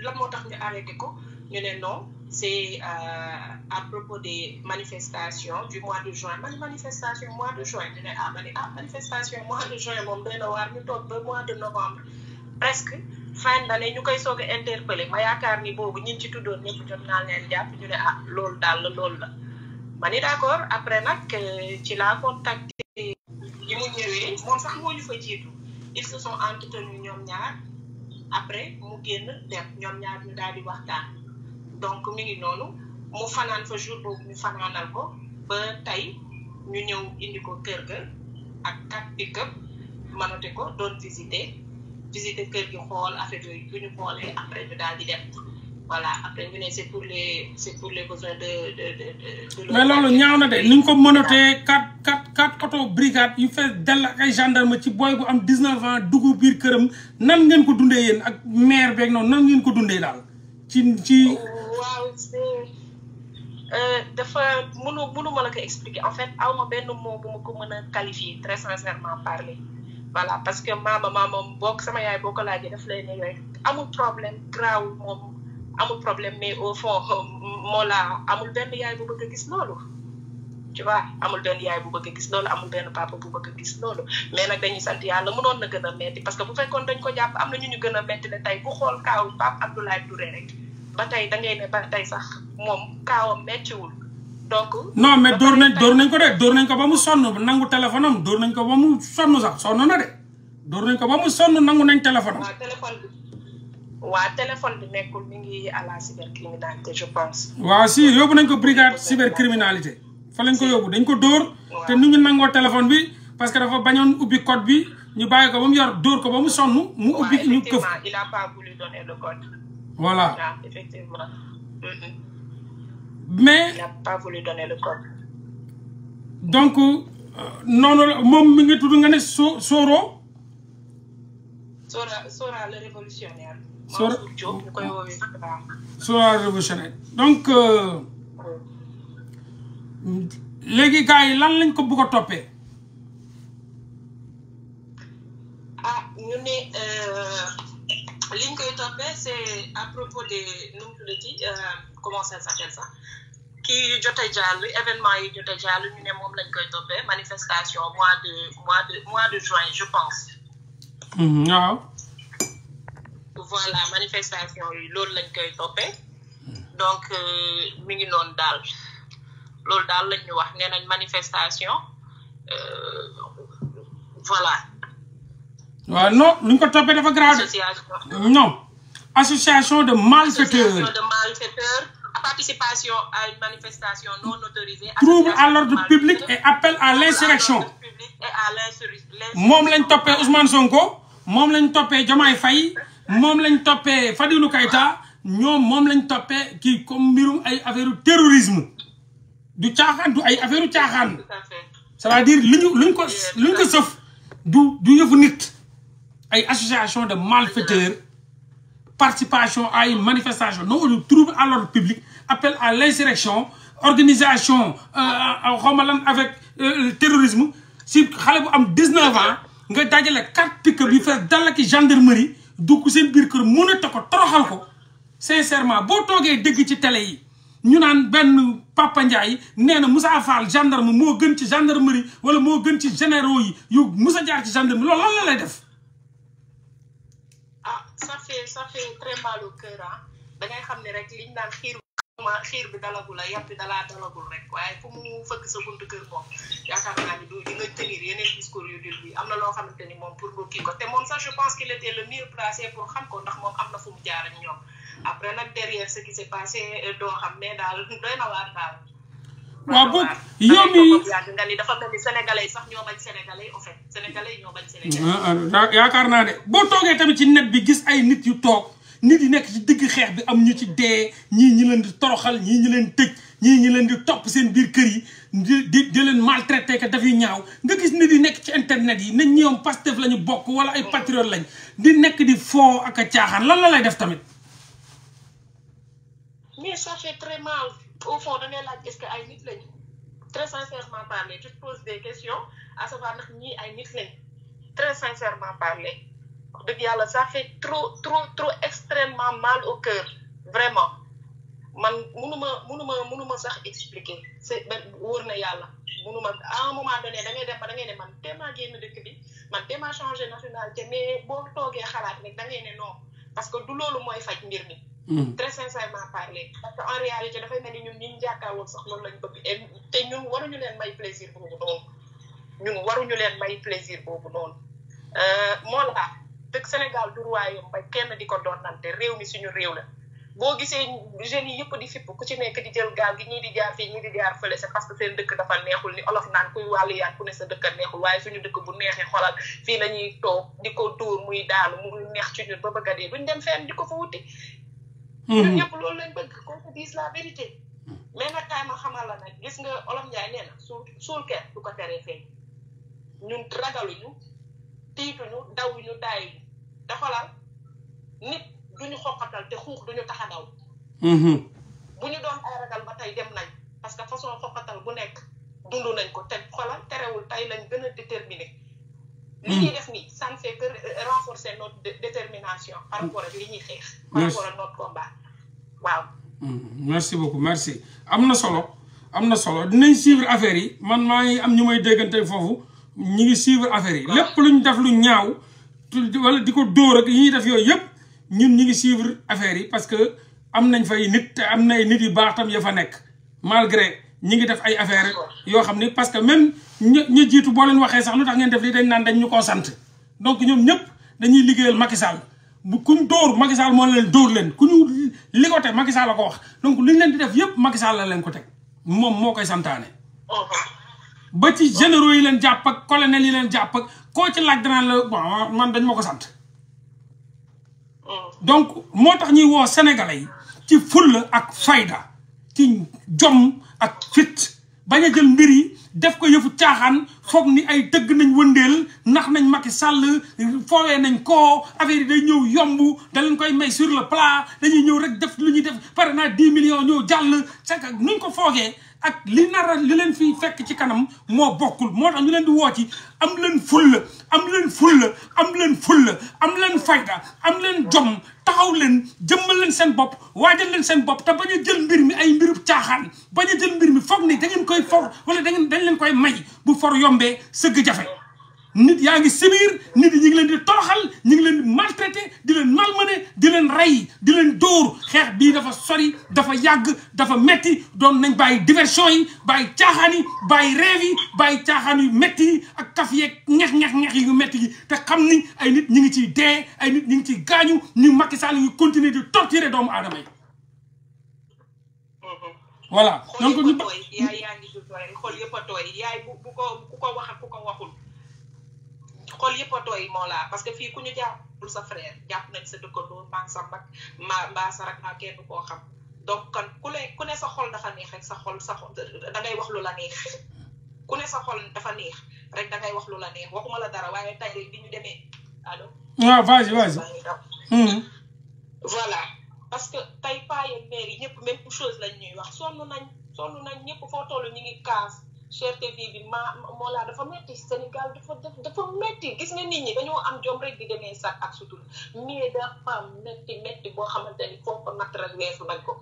lan moo ñu arrêté ko ñu ne non c'est euh, à propos des manifestations du mois de juin Manifestations manifestation mois de juin ñu ne ah, ah manifestation mois de juin moom doy Nous waar ñu mois de novembre presque. fin d'année ñu koy soog a interpellé ma yaakaar ni boobu ñin ci tuddoon ñëpp jot naa ñu ne ah loolu daal la lool la ma ni d'accord après nag euh, ci la contacté yi mu ñëwee moom sax moo ñu fa jiitu ils se sont entretenus ñoom ñaar après mu génn dem ñoom ñaar ñu daal di waxtaan donc mu ngi noonu mu fanaan fa jour boobu ñu fanaanal ko ba tey ñu ñëw indi ko kër ga ak quatre pick-up ko doon visiter visiter kër xool affaire yooyu bu ñu xoolee après ñu daal voilà après ñu ne c' est pour les c' est pour les besoins de de de de. mais loolu ñaaw na de ni ñu ko mënatee quatre quatre quatre auto brigade yu fees dell ak ay gendarme ci booy bu am 19 ans dugg biir këram nan ngeen ko dundee yéen ak maire beeg noonu nan ngeen ko dundee daal ci ci. Oh, waaw euh, dafa mënu mënu ma la ko expliquer en fait aw ma benn mot bu ma ko mën a qualifier très sincèrement parler. voilà parce que maama maama moom bokk sama yaay boo ko laajee daf lay ne rek amul problème graaw moom amul problème mais au fond moo laa amul benn yaay bu bëgg a gis loolu tu vois amul benn bu bëgg a gis loolu amul benn papa bu bëgg a gis loolu mais nag dañuy sant yàlla mënoon na gën a metti parce que bu fekkoon dañ ko jàpp am na ñu ñu gën a metti ne tey ku xool kaawu Pape Abdoulaye Touré rek ba tey da ngay ne ba tey sax moom kaawam mettiwul non mais door nañ door nañ ko de door nañ ko ba mu sonn nangu téléphone am door nañ ko ba mu sonn sax sonn na de door nañ ko ba mu sonn nangu nañ téléphone am. waaw téléphone bi nekkul mi ngi à la cybercriminalité je pense. waaw si yóbbu nañ ko brigade cybercriminalité fa lañ ko yóbbu dañ ko dóor. te nu ñu nangoo téléphone bi parce que dafa bañoon ubbi code bi ñu bàyyi ko ba mu yor dóor ko ba mu sonn mu ubbi. ñu këf waaw effectivement il a pas voulu donner le code. voilà effectivement. mais il n'a pas voulu donner le donc euh, noonu la moom mi ngi tudd nga ne so Soro. Sora Sora le révolutionnaire. Sora ñu donc euh, léegi gars yi lan lañ ko bugg a toppee. ah li koy toppee c'est à propos des nu mu euh, comment ça s'appelle ça Qui yu jot l'événement jàll événement yi jot a jàll ñu ne moom lañ koy manifestation mois de mois de mois de juin je pense. Non. Mm-hmm, voilà manifestation yi loolu lañ koy toppee donc euh, mi ngi dal daal loolu daal lañ ñu wax nee nañ manifestation euh, voilà non lu ñu ko toppee dafa grave. non association de malfaiteurs. association de malfaiteurs. participation à une manifestation non autorisée. trouble à l'ordre public et appel à l'insurrection. moom lañ à Ousmane Sonko moom lañ topé Diomaye Faye moom lañ topé Fadilou Keïta ñoom moom lañ toppee kii comme mbirum ay affaire terrorisme du caaxaan du ay affaire caaxaan Ça à dire luñu luñ ko luñ ko sëf du du yëfu nit ay association de malfaiteurs participation à une manifestation non lu trouble à l'ordre public appel à l'insurrection organisation euh, euh ma avec euh, le terrorisme si xale bu am 19 ans nga dajale quatre pick-up yu fees gendarmerie dugg seen biir kër mun a ta ko toroxal ko sincèrement boo toogee dégg ci télé yi ñu un benn Papa Ndiaye nee na Moussa Fall gendarme moo gën ci gendarmerie wala moo gën ci généraux yi yu Moussa jaar ci gendarmerie lan lay ça fait ça fait très mal au cœur da ngay xam ne rek liñ naan xiir ma bi dalagu a yàpp bi dalaa dalagul rek waaye fu mu fëkk sa buntu kër ko yaakaar naa ni doo di nga tenir yeneen discours yu dul bi am na loo xamante ni moom pour nga kii ko te moom sax je pense qu'il était le mieux placé pour xam ko ndax moom am na fu mu jaar ak ñoom après nag derrière ce qui s'est passé euh, doo xam ne daal doy na waar daal waaw bu yow mii nga ni dafa mel ni sénégalais sax ñoo bañ sénégalais au fait sénégalais ñoo ah, ah, yaakaar naa de boo toogee tamit ci net bi gis ay nit yu toog nit yi nekk ci digg xeex bi am ñu ci dee ñii ñi leen di toroxal ñii ñi leen tëj ñii ñi leen di topp seen biir kër yi di di leen maltraité que dafay ñaaw nga gis nit yi nekk ci internet yi nañ ñoom Pastef la ñu bokk wala ay patriote lañ di nekk di foo ak a caaxaan lan la lay def tamit mais ça au fond dañuy laaj est-ce que ay nit lañu très sincèrement parler tu te poses des questions à savoir ndax ñii ay nit lañu très sincèrement parler wax dëgg yalla ça fait trop trop trop extrêmement mal au cœur vraiment man mënuma mënuma mënuma sax expliquer c'est ben, wóor na yàlla mënuma à un moment donné da ngay dem ba da ngay ne man téema génn dëkk bi man téema changer nationalité mais bo togué xalaat nek da ngay ne non parce que du lolu moy faj mbir mi Mm. très sincèrement parler parce que en réalité dafay mel ni ñun ñun jàkkaarloo sax loolu lañ bëgg et te ñun leen may plaisir ñun waruñu leen may plaisir boobu noonu euh, moo la dëkk Sénégal du royaume ba kenn di ko donnante réew mi suñu réew la boo gisee jeunes yi yëpp di fipp ku ci nekk di jël gaal gi ñii di jaar fii ñii di jaar parce que seen dëkk dafa neexul ni olof naan kuy wàllu yaan ku ne sa dëkk bu neexee xolal fii la ñuy toog di ko tuur muy daanu mu neex ci ñun ba bëgg a dee duñ dem fenn di ko fa wuti ñun ñëpp mhm. loolu lañ bëgg qu'on te dise la vérité. mais nag kaay ma xamal la nag gis nga Olof Njaay nee na suul suul ker du ko teree feeñ ñun ragaluñu tiituñu dawuñu daayuñu daxalal nit duñu xoqatal te xuux duñu tax a daw. Mhm. bu ñu doon ay ragal ba tey dem nañ parce que façon xoqatal bu nekk dund nañ ko te xolal terewul tey lañ gën a déterminé. li ñuy hmm. def nii ça ne fait que renforcer notre détermination par rapport ak li ñuy xeex par rapport ak notre combat waaw hmm. merci beaucoup merci am na solo am na solo dinañ suivre affaire yi man maa ngi am ñu may déggante foofu ñi ngi suivre affaire yi lépp luñ def lu ñaaw wala di ko dóor ak yi ñuy def yooyu yëpp ñun ñi ngi suivre affaire yi parce que am nañ fay nit te am na nit yu baax tam ya fa nekk malgré ñu ngi def ay affaire yoo xam ni parce que même ñu ñu jiitu boo leen waxee sax lu tax ngeen def lii dañ naan dañ ñu koo sant donc ñoom ñëpp dañuy liggéeyal Macky Sall bu kum dóor Macky Sall moo leen dóor leen ku ñu ligote Macky Sall la ko wax donc li ñu leen di def yëpp Macky Sall la leen ko teg moom moo koy santaane. ba ci généraux yi leen jàpp ak colonel yi leen jàpp ak koo ci laaj danaan la man dañ ma ko sant. donc moo tax ñuy woo sénégalais yi ci fulla ak fayda ci jom. ak fit bañ a jël mbir yi def ko yëfu caaxaan foog ni ay dëgg nañ wëndeel nax nañ Macky sàll foowee nañ koo affaire yi day ñëw yomb da leen koy may sur le plat dañuy ñëw rek def lu ñuy def pare naa 10 millions ñëw jàll ca nuñ ko foogee ak li nar a li leen fi fekk ci kanam moo bokkul moo tax ñu leen di woo ci am leen fulla am leen fulla am leen fulla am leen fayda am leen jom taxaw leen jëmmal leen seen bopp waajal leen seen bopp te bañ a jël mbir mi ay mbirub caaxaan bañ a jël mbir mi foog ni da koy for wala da dañ leen koy may bu for yombee sëgg jafe nit yaa ngi sibir nit ñi ngi leen di toroxal ñi ngi leen di maltraité di leen malmené di leen rey di leen dóor xeex bii dafa sori dafa yàgg dafa metti doon nañ bàyyi diversion yi bàyyi caaxaani yi bàyyi réew yi bàyyi caaxaan yu metti yi ak kaf yeek ñex ñex ñex yu metti yi te xam ni ay nit ñi ngi ciy dee ay nit ñi ngi ciy gaañu ñu Macky Sall ñu continuer di torturer doomu aadama yi voilà donc ñu xool yëpp a tooy ko waxul xool yëpp a tooy moo laa parce que fii ku ñu jàppul sa frère jàpp nañ sa dëkkandoo mbaa sa mag mbaa sa rak kenn koo xam donc kan ku ne ku ne sa xool dafa neex rek sa xol sa xol da ngay wax lu la neex ku ne sa xol dafa neex rek da ngay wax lu la neex waxuma la dara waaye tey rek bi ñu demee allo. waaw ah, vas-y vas-y. Hmm. voilà parce que tey paa yeeg mère yi ñëpp même chose lañ ñuy wax sonn nañ sonn nañ ñëpp foo toll ñu ngi kaas. cherté vie bi ma moo laa dafa metti Sénégal dafa dafa metti gis nga nit ñi dañoo am jom rek di demee sax ak sutura mais dafa metti metti boo xamante ni foo ko natt rek weesu nañ ko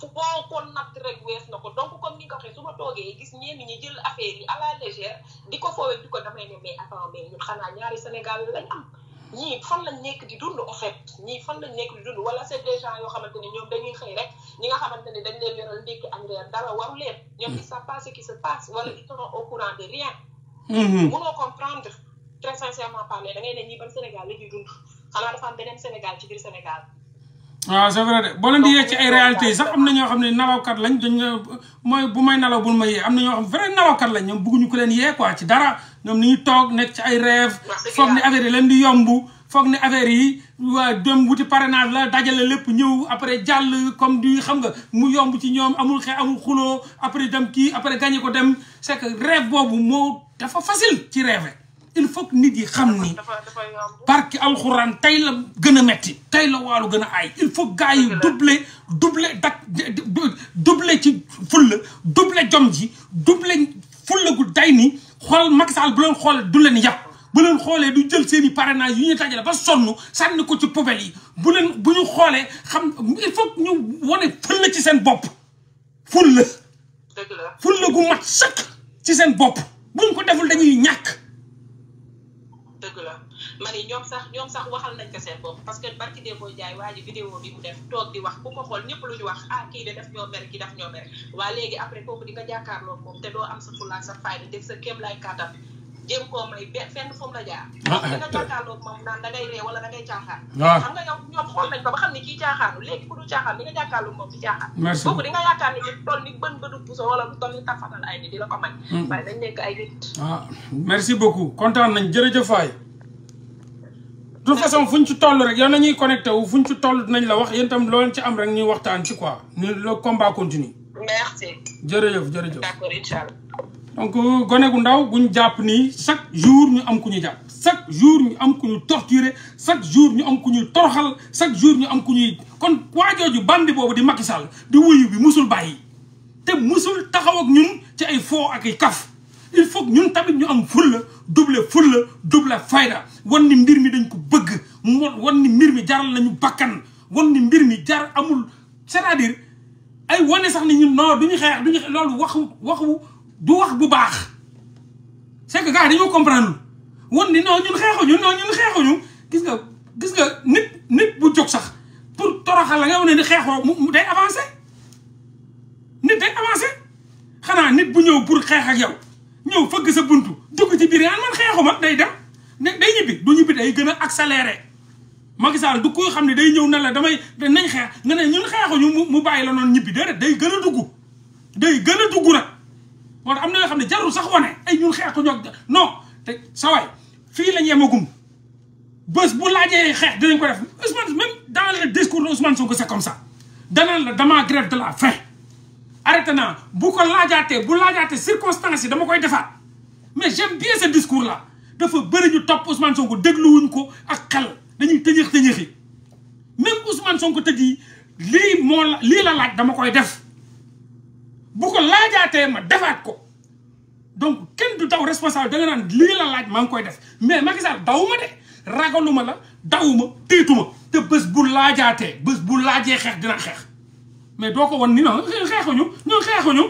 fu boo ko natt rek wees na ko donc comme ni ko waxee su ma toogee gis ñenn ñi jël affaire yi à la légère di ko foowee di ko damay ne mais attends mais ñun xanaa ñaari Sénégal lañ am ñii fan lañ nekk di dund en fait ñii fan lañ nekk di dund wala c'est des gens yoo xamante ni ñoom dañuy xëy rek ñi nga xamante ni dañ leen yoral ndékki añ reer dara waru leen ñoom ils savent pas ce qui se passe wala ils sont au de rien mm-hmm. mënoo da ngay ne ñii ban Sénégal la ñuy dund xanaa dafa am beneen Sénégal ci biir Sénégal waaw c'est vrai de boo leen di yee ci ay réalités yi sax am na ñoo xam ne nalawkat lañ dañ mooy bu may nalaw bul ma yee am na ñoo xam vrai nalawkat lañ ñoom bëgguñu ko leen yee quoi ci dara ñoom ni ñu toog nekk ci ay rêve foog ne affaire yi leen di yomb foog ne affaire yi waa dem wuti parrainage la dajale lépp ñëw après jàll comme du xam nga mu yomb ci ñoom amul xe amul xuloo après dem kii après gagné ko dem c'est que rêve boobu moo dafa facile ci rêve il faut nit yi xam ni barke alxuraan tey la gën a metti tey la waalo gën a ay il faut gars yi doublé doublé dak ci fulla doublé jom ji doublé fulla gu day ni xool Macky Sall bu leen xool du leen yàpp bu leen xoolee du jël seen i parrainage yu ñuy tajale ba sonn sànni ko ci poubelle yi bu leen bu ñu xoolee xam il faut ñu wane fulla ci seen bopp la fulla la mat sëkk ci seen bopp buñ ko deful dañuy ñàkk ma yi ñoom sax ñoom sax waxal nañ ko seen bopp parce que barki dee mooy jaay waa ji vidéo bi mu def toog di wax ku ko xool ñëpp ñu wax ah kii de daf ñoo mer koo may benn fenn fu mu ah, ah, wala da ngay caaxaan ah. xam nga yow ñoom xool nañ ko ba xam ne kii caaxaanu léegi ku du caaxaan di nga jàkkaarloo moom di caaxaan kooku di nga yaakaar ni li ni bën bëdu puso wala lu ni tafatal ay ni di la ko may hmm. waaye dañ nekk ay nit merci beaucoup kontaan nañ jërëjëf toute façon fu ñu ci toll rek yow nañuy connecté wu fu ñu ci toll dinañ la wax yéen itam loo leen ci am rek ñuy waxtaan ci quoi ni le combat continue. merci. jërëjëf jërëjëf. d'accord inchallah. donc euh, gone gu ndaw bu ñu jàpp nii chaque jour ñu am ku ñu jàpp chaque jour ñu am ku ñu torturer chaque jour ñu am ku ñuy torxal chaque jour ñu am ku ñuy kon waa jooju bandi boobu di Macky Sall di wuyu bi musul bàyyi te musul taxaw ak ñun ci ay foo ak ay kaf il faut que ñun tamit ñu am fulla double fulla double fayda wan ni mbir mi dañ ko bëgg mu wan ni mbir mi jaral nañu bakkan wan ni mbir mi jar amul cest ay wane sax ni ñun non duñu xeex duñu loolu waxu waxu du wax bu baax c'est que di dañoo comprendre wan ni ñu non ñun xeexuñu non ñun xeexuñu gis nga gis nga nit nit bu jóg sax pour toroxal la nga wane ni xeexoo mu day avancé nit day avancé xanaa nit bu ñëw pour xeex ak yow ñëw fëgg sa buntu dugg ci biir yaan man xeexuma day dem ne day ñibbi du ñibbi day gën a accéléré. Macky Sall du koy xam ne day ñëw na la damay nañ xeex nga ne ñun xeexuñu mu bàyyi la noonu ñibbi déedéet day gën a dugg day gën a dugg nag. moo tax am na yoo xam ne jarul sax wane ay ñun xeexuñu ak no te sa fii lañ yemagum bés bu laajee xeex dinañ ko def Ousmane même dans le discours de Ousmane Sonko c'est comme ça danaan la dama grève de la faim. arrêté naa bu ko laajaatee bu laajaatee circonstances yi dama koy defaat mais j'aime bien ce discours là dafa bëri ñu topp Ousmane Sonko dégluwuñ ko ak xel dañuy tëñëx tëñëxi même Ousmane Sonko tëj yi lii moo la lii la laaj dama koy def bu ko laajaatee ma defaat ko donc kenn du daw responsable da nga naan lii la laaj maa ngi koy def mais Macky Sall dawuma de ragaluma la dawuma téetuma te bés bu laajaatee bés bu laajee xeex dina xeex mais doo ko won ni non xeexuñu ñun xeexuñu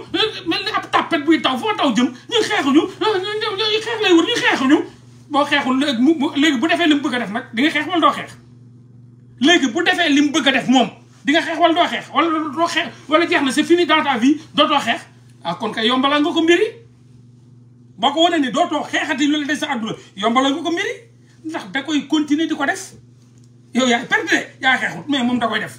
mel ni ab tàppet buy taw foo taw jëm ñun xeexuñu xeex lay wut ñu xeexuñu boo xeexul léegi bu defee li mu bëgg a def nag di nga xeex wala doo xeex léegi bu defee li mu bëgg a def moom di nga xeex wala wala doo xeex wala jeex na c'est fini dans ta vie dootoo xeex ah kon kay yombalal nga ko mbiri boo ko wane ni dootoo xeexati lu la des sa àdduna yombalal nga ko mbiri ndax da koy continuer di ko def yow yaay perdre yaa xeexut mais moom da koy def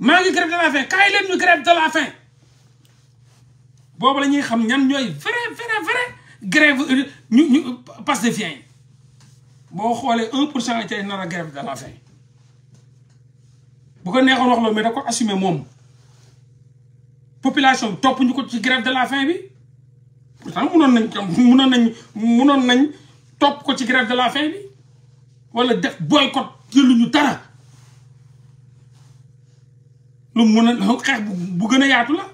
Mangi une grève de la faim nous grève de la faim bon la ñuy xam ñan vrai vrai vrai grève passe ñu pastéfien on boo xoolee 1% 1% grève de la faim bu ko neexoon wax mais assumer La population top ñu grève de la faim pourtant on nañ nañ grève de la faim bi wala def boycott la tara lu mun a xeex bu bu gën a yaatu la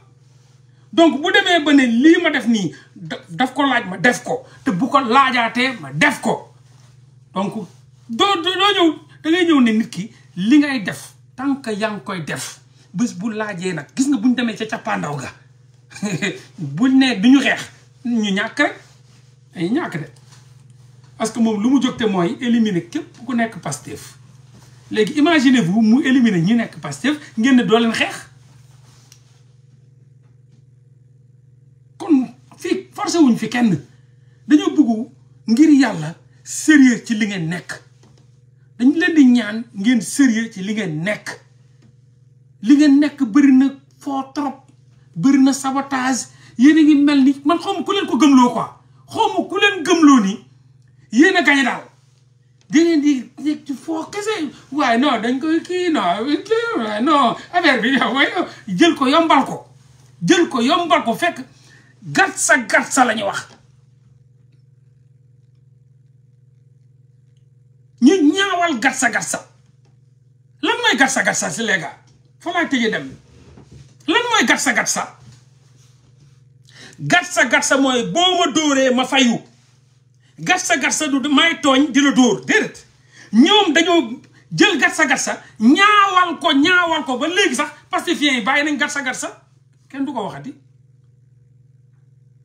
donc bu demee ba ne lii ma def nii daf ko laaj ma def ko te bu ko laajaatee ma def ko donc doo doo ñëw da ñëw ne nit ki li ngay def tant que koy def bés bu laajee nag gis nga buñ demee ca cappaandaw ga (laughs) buñ nee du ñu xeex ñu ñàkk rek ñàkk de parce que moom lu mu jógte mooy éliminer képp ku nekk Pastef léegi imaginez vous mu éliminer ñi nekk Pastef ngeen ne doo xeex kon fi forcé wuñ fi kenn dañoo bëgg ngir yàlla sérieux ci li ngeen nekk dañ leen di ñaan ngeen sérieux ci li ngeen nekk li ngeen nekk bëri na foo trop bëri na sabotage yéen a ngi mel ni man xawma ku leen ko gëmloo quoi xawma ku leen gëmloo ni yéen a gañe daal da ngeen waaye non dañ koy kii non kii non affaire bi jël ko yombal ko jël ko yombal ko fekk gàtt sa gàtt la ñu wax ñu ñaawal gàtt sa gàtt lan mooy gàtt sa gàtt sa si léegi fa laay tëjee dem lan mooy gàtt sa gatsa sa gàtt sa mooy boo ma dóoree ma fayu gatsa gatsa du may tooñ di la dóor déedéet ñoom dañoo jël gatsa gatsa ñaawal ko ñaawal ko ba léegi sax pacifiens yi bàyyi nañ gatsa gatsa kenn du ko waxati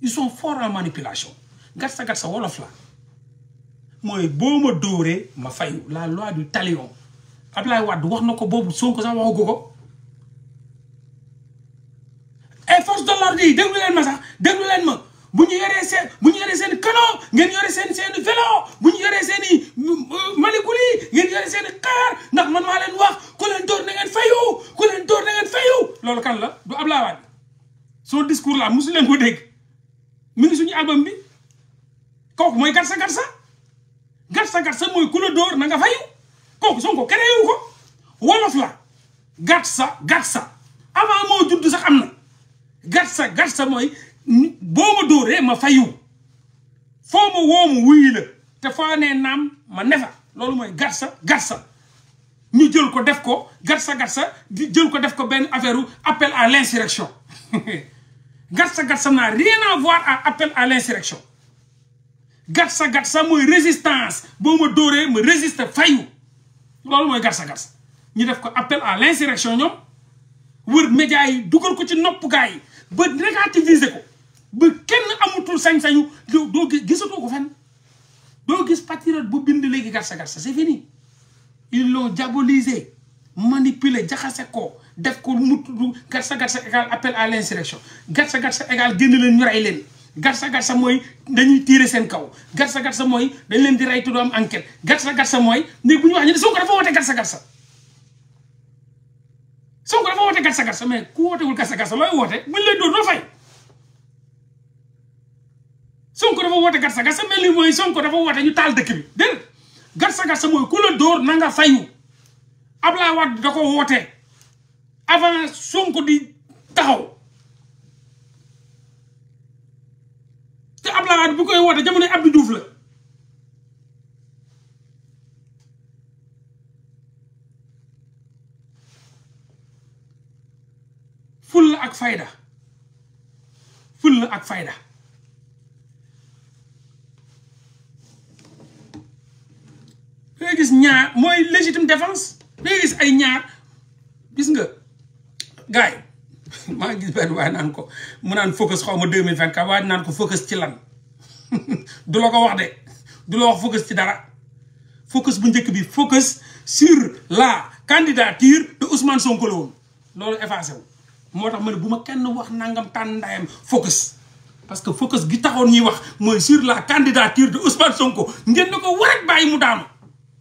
il sont forts en manipulation gatsa gatsa wolof la mooy boo ma dóoree ma fayu la loi du talion Ablaye Wade wax na ko boobu Sonko sax waxagu ko ay force de l'ordre yi leen ma sax déglu leen ma bu ñu yaree seen bu ñu yoree seen canon ngeen yore seen seen vélo bu ñu yoree seen i euh, malikuli ngeen yore seen i xaar ndax man maa leen wax ku leen door na ngeen fayu ku leen door na ngeen fayu loolu kan la du Ablaye Wade son discours la mosu ko dégg mi ngi suñu album bi kooku mooy garsa garsa garsa garsa mooy ku la door na nga fayu kooku Sonko créé wu ko wolof la garsa garsa avant moo judd sax am na garsa garsa mooy bomu ma ma fayou foo ma woomu te foo nam ma nefa lolou moy garça, garsa ñu jël ko def ko garsa garsa jël ko def ko appel à l'insurrection (laughs) garsa garça n'a rien à voir à appel à l'insurrection garsa garça, moy résistance boo doré me résiste fayou fayu moy garça. garsa garsa ñu def ko appel à l'insurrection ñom wër média yi duggal ko ci nopp gaay ba ko ba kenn amutul sañ-sañu doo gisatoo ko fenn doo gis patriote bu bind léegi garsa garsa c'est fini ils l'ont diabolisé manipulé jaxase koo def ko mu tudd garsa garsa égal appel à l'insurrection garsa garsa égal génn leen ñu rey leen garsa garsa mooy dañuy tiire seen kaw garsa garsa mooy dañ leen di rey te du am enquête garsa garsa mooy léegi bu ñu wax ñu ne Sonko dafa woote garsa garsa Sonko dafa woote garsa garsa mais ku wootewul garsa garsa looy woote buñ lay dóor doo fay Sonko dafa woote gatsa gatsa mel ni mooy Sonko dafa woote ñu taal dëkk bi dégg gatsa gatsa mooy ku la dóor na nga fayu Ablaye Wade da ko wootee avant Sonko di taxaw te Ablaye Wade bu koy woote jamono Abdou Diouf la fulla ak fayda fulla ak fayda da ngay gis ñaar mooy légitime défense da a gis ay ñaar gis nga gars yi (laughs) maa ngi gis benn waaye naan ko mu naan focus xaw ma deux mille vingt quatre ko focus ci lan (laughs) du la ko wax de du la wax focus ci dara focus bu njëkk bi focus sur la candidature de Ousmane Sonko la woon loolu effacé wu moo tax ma kenn wax nangam tan ndayam focus parce que focus gi taxone ñi wax moy sur la candidature de Ousmane Sonko ngeen nako ko war ak mu daanu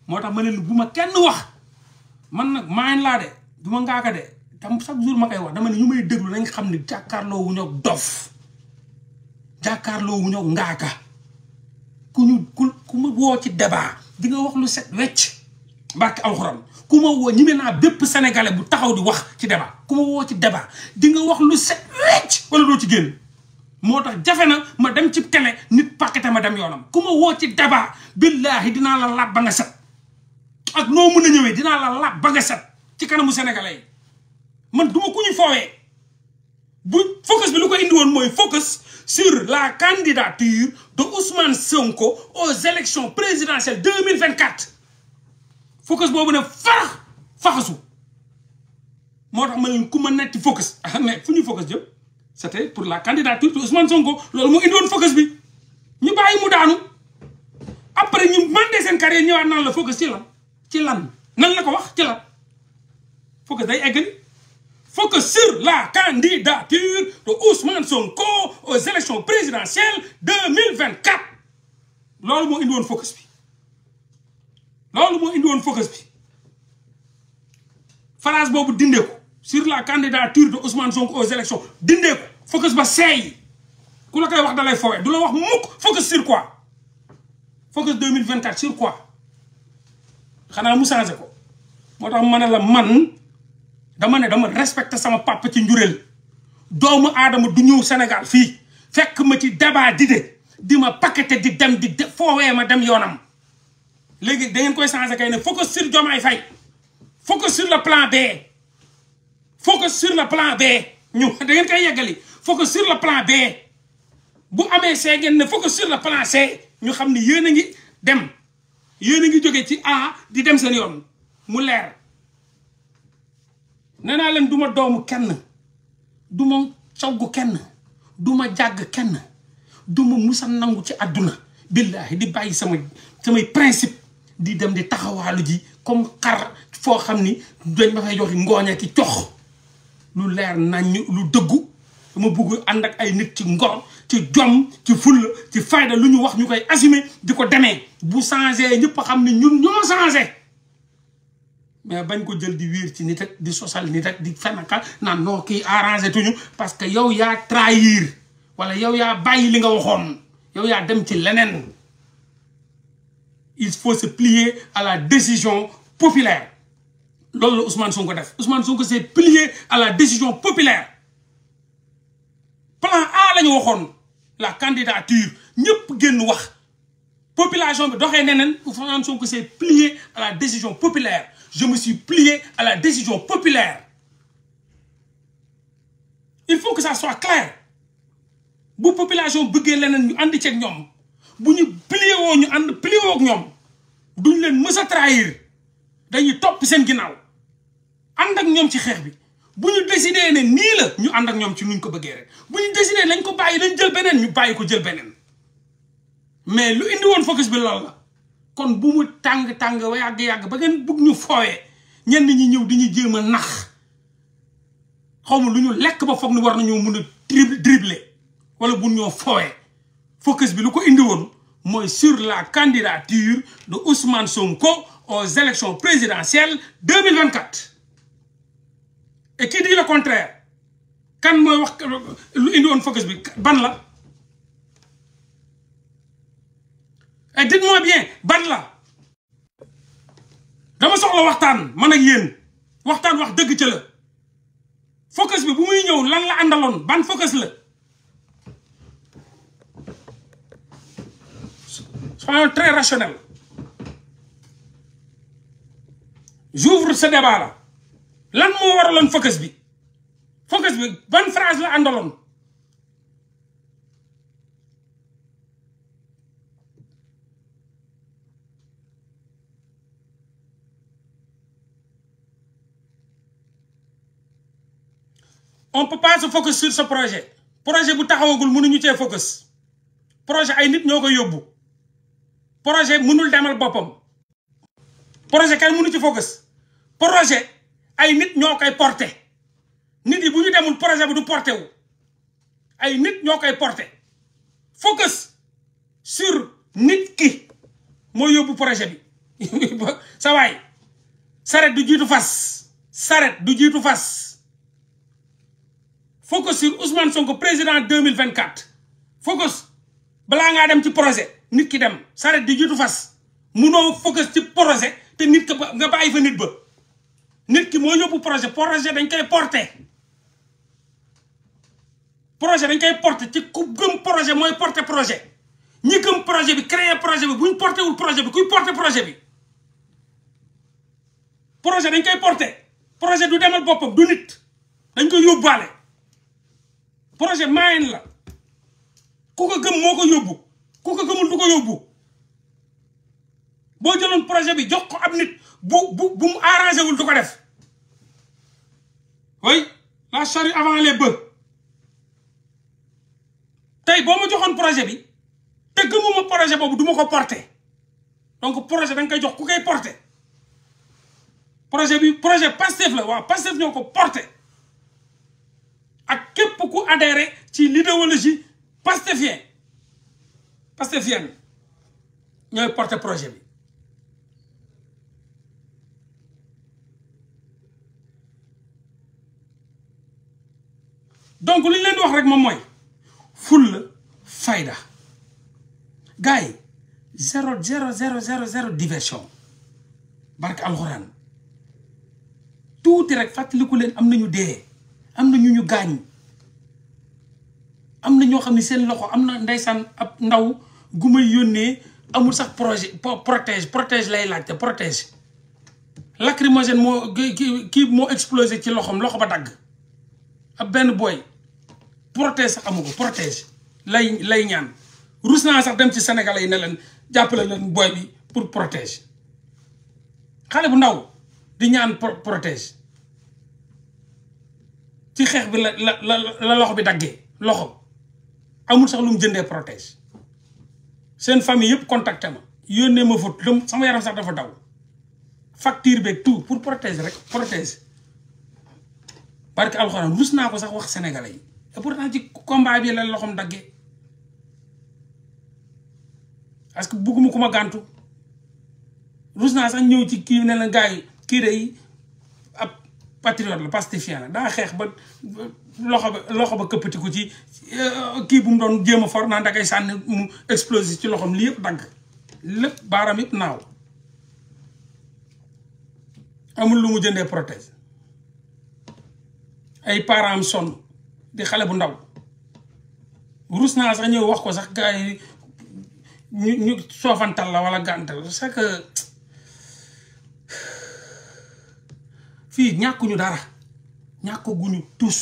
moo tax ma ne bu ma kenn wax man nag maa laa de du ma ngaaka de tam chaque jour ma koy wax dama ne ñu may déglu dañ xam ne jàkkaarloo wu ñoog dof jàkkaarloo wu ñëw ngaaka ku ñu ku ku ma woo ci débat di nga wax lu set wecc barke ku ma woo ñime naa bépp sénégalais bu taxaw di wax ci débat ku ma woo ci débat di nga wax lu set wecc doo ci génn moo tax jafe na ma dem ci télé nit paqueté ma dem yoonam ku ma woo ci débat billaahi dinaa la laab ba nga set ak noo mën a ñëwee dinaa la laaj ba nga ci kanamu sénégalais yi man duma ku ñu foowee bu focus bi lu ko indi woon mooy focus sur la candidature de Ousmane Sonko aux élections présidentielles 2024 focus boobu ne farax faxasu moo tax ma leen ku ma netti focus ah, mais fu ñu focus jëm c'était pour la candidature de Ousmane Sonko loolu moo indi woon focus bi ñu bàyyi mu daanu après ñu mandé seen carrière ñëwaat naan la focus ci la ci lan nan la ko wax ci lan focus day sur la candidature de Ousmane Sonko aux élections présidentielles 2024. mille vingt indi won focus bi lolou mo indi won focus bi phrase bobu dindé ko sur la candidature de Ousmane Sonko aux élections dindé ko focus ba sey kou la koy wax dalay fowé dou la wax mouk focus sur quoi focus 2024 sur quoi xanaa mu changé ko moo tax ma ne la man dama ne dama respecté sama papa ci njureel doomu aadama du ñëw Sénégal fii fekk ma ci débat d'idée di ma paqueté di dem di foowee ma dem yoonam léegi da ngeen koy changé kay ne focus sur Diomaye Faye focus sur le plan B focus sur le plan B ñu da koy yeggali focus sur le plan B bu amee C ngeen ne focus sur le plan C ñu xam ni yéen a ngi dem yéen a ngi jóge ci A di dem seen yoon mu leer nee naa leen du ma doomu kenn du ma coggu kenn du ma jàgg kenn du ma musa nangu ci àdduna billaahi di bàyyi samay samay principe di dem di taxawaalu ji comme xar foo xam ni dañ ma fay jox ngooña ki cox lu leer naññ lu dëggu dama bugg ànd ak ay nit ci ngor ci jom ci fulla ci fayda lu ñu wax ñu koy assumer di ko demee Vous changé nous xam ne ñun ñoo changé mais bañ ko jël di wéer ci nit ak di sosal nit ak di fen ak naan noo kii arrangé tuñu parce que yow ya trahir wala yow ya bàyyi li nga waxoon yow yaa dem ci leneen il faut se plier à la décision populaire loolu Ousmane Sonko def Ousmane Sonko s'est plié à la décision populaire plan A la waxoon la candidature ñëpp génn wax population bi vous faites que c'est plié à la décision populaire je me suis plié à la décision populaire il faut que ça soit clair la population veut ñu nous, nous nous plié nous ñu plié ak ñoom duñ leen pas. trahir dañuy topp en train Nous ak que ci xeex bi ne la ñu nous ak nous ci ko Si rek mais lu indi woon focus bi lan la kon bu mu tàng-tàng ba yàgg-yàgg ba ngeen bugg ñu foowee ñenn ñi ñëw di ñu jéem a nax xaw ma lu ñu lekk ba foog ni war nañoo mun a dribbler wala bu ñoo foowee focus bi lu ko indi woon mooy sur la candidature de Ousmane Sonko aux élections présidentielles 2024 et qui dit le contraire kan mooy wax lu indi woon focus bi ban la et eh, dites-moi bien ban pas dama soxla waxtaan man Je wax la focus bi bu muy là, lan la là. ban focus la soyons très rationnels. j'ouvre ce débat là lan focus bi focus bi ban phrase la andalon. on ne peut pas se focus sur ce projet projet bu taxawagul focus projet ay nit projet mënul demal Bopam. projet kan mënu ci focus projet ay nit ñokay porter. nit yi bu projet bu du porter wu ay nit ñokay focus sur nit ki mo projet bi (laughs) sa saret du fas du fas focus sur Ousmane Sonko président 2024 focus bala nga dem ci projet nit ki dem saret di jitu fas Muno focus ci projet te nit ka nga bàyyi fa nit ba nit ki mo yóbbu projet projet dañ koy porté projet dañ koy porté ci ku gëm projet moy porter projet ñi gëm projet bi créer projet bi buñ porter wul projet bi kuy porté projet bi projet dañ koy porté projet du demal bopam du nit dañ koy yobale projet Mayenne la ku ko gëm moo ko yóbbu ku ko gëmul du ko yóbbu boo jëloon projet bi jox ko ab nit bu bu bu mu arrangé wul du ko def oui la charrue avant les bœufs tey boo ma joxoon projet bi te gëmuma projet boobu du ma ko porté donc projet da koy jox ku koy porté projet bi projet Pastef la waaw Pastef ñoo ko porté Et qui a adhéré à l'idéologie pastéfienne. Pastéfienne. Nous a porté le projet. Donc, ce que je veux dire C'est moi, full faïda. Gaï, 0 0 0 0 0 diversion. Barque Al-Horan. Tout est fait pour que nous am na ñu ñu gaañ am na ñoo xam ne seen loxo am na ndeysaan ab ndaw gu may yónnee amul sax projet protège protège lay laajte protège lacrymogène moo kii moo explosé ci loxoom loxo ba dagg ab benn booy protège sax amu ko protège lay lay ñaan rus naa sax dem ci Sénégal yi ne leen jàppale leen booy bi pour protège xale bu ndaw di ñaan protège ci xeex bi la la la loxo bi daggee loxo amul sax lu mu jëndee protège seen famille yëpp contacté ma yónnee ma fa lëm sama yaram sax dafa daw facture beeg tout pour protège rek protège barke alxuraan rus naa ko sax wax sénégalais yi et pourtant ci combat bi la loxom daggee parce que bugguma ku ma gàntu rus naa sax ñëw ci kii ne la yi kii day patriote la pastifien la da xex ba loxo ba loxo ba këppatiku ci euh, ki bu mu don jema for naan da ngay sànni mu ci loxom li yeb dag lepp baram yeb naw amul lu mu jende protège ay param son di xale bu ndaw rus na sax ñew wax ko sax gaay ñu sofantal la wala gantal sax que fii ñàkkuñu dara ñàkkaguñu tous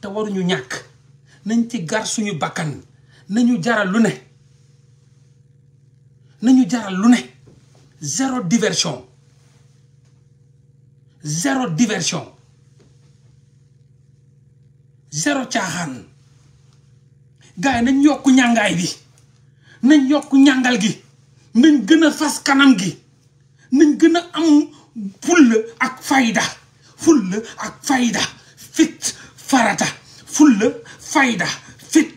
te waruñu ñàkk nañ ci gar suñu bakkan nañu jaral lu ne nañu jaral lu ne zéro diversion zéro diversion zéro caaxaan gars yi nañ yokk ñàngaay bi nañ yokk ñàngal gi nañ gën a fas kanam gi nañ gën a am fulla ak fayda fulla ak fayda fit farata fulla fayda fit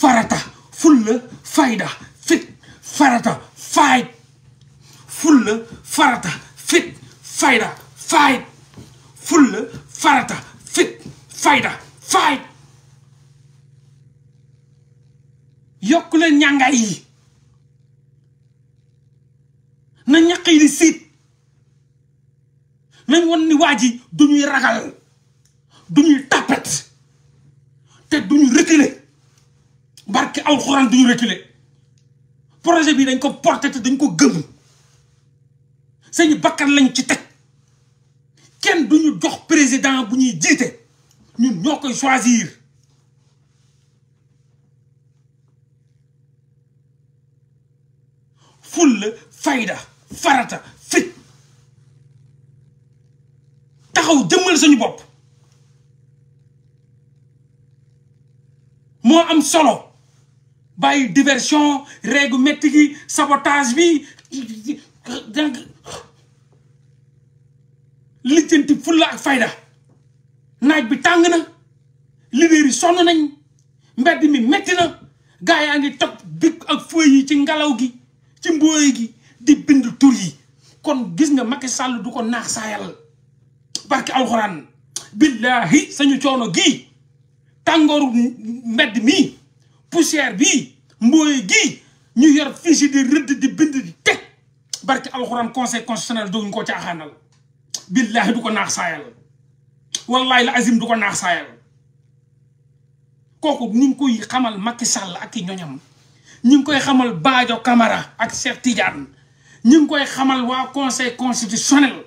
farata fulla fayda fit farata fayt fulla farata fit fayda fayt fulla farata fit fayda fayt yokk leen na ñaq yi Même won pas waa ragal on a tàppet te reculer Barque alxuraan on a reculer projet bi dañ ko porté te dañ ko lañ ci président nous dit ñun choisir fulla fayda farata taxaw jëmmal suñu bopp moo am solo bàyyi diversion règle métti gi sabotage bi lijjanti fulla ak fayda naaj bi tàng na leader yi sonn nañ mbedd mi metti na gaa yaa ngi topp big ak fooy yi ci ngelaw gi ci mbooy gi di bind tur yi kon gis nga Macky sàll du ko naax saayal barke alxuraan billahi sañu coono gii tàngooru mbedd mi poussière bi mbooy gii ñu yor fiche di rëdd di bind di teg barke alxuraan conseil constitutionnel dooguñu ko caaxaanal billahi du ko naax saayal wallahi la du ko naax saayal kooku ñu ngi koy xamal Macky Sall ak i ñu ngi koy xamal Badio kamara ak Cheikh Tidiane ñu ngi koy xamal waa conseil constitutionnel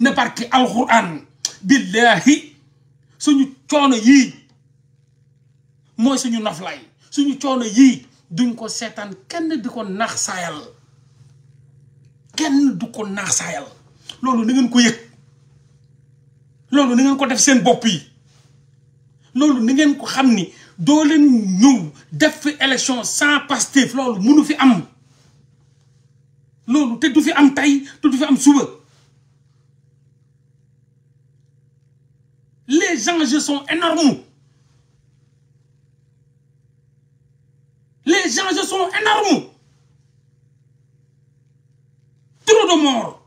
ne barki alxuraan billaahi suñu coono yii mooy suñu noflaay suñu coono yii duñ ko seetaan kenn di ko naax saayal kenn du ko naax saayal loolu ni ngeen ko yëg loolu na ngeen ko def seen bopp yi loolu na ngeen ko xam ni doo leen ñëw def fi élection sans Pastef loolu mënu fi am loolu te du fi am tey te du fi am suba Les enjeux sont énormes. Les enjeux sont énormes. Trop de morts.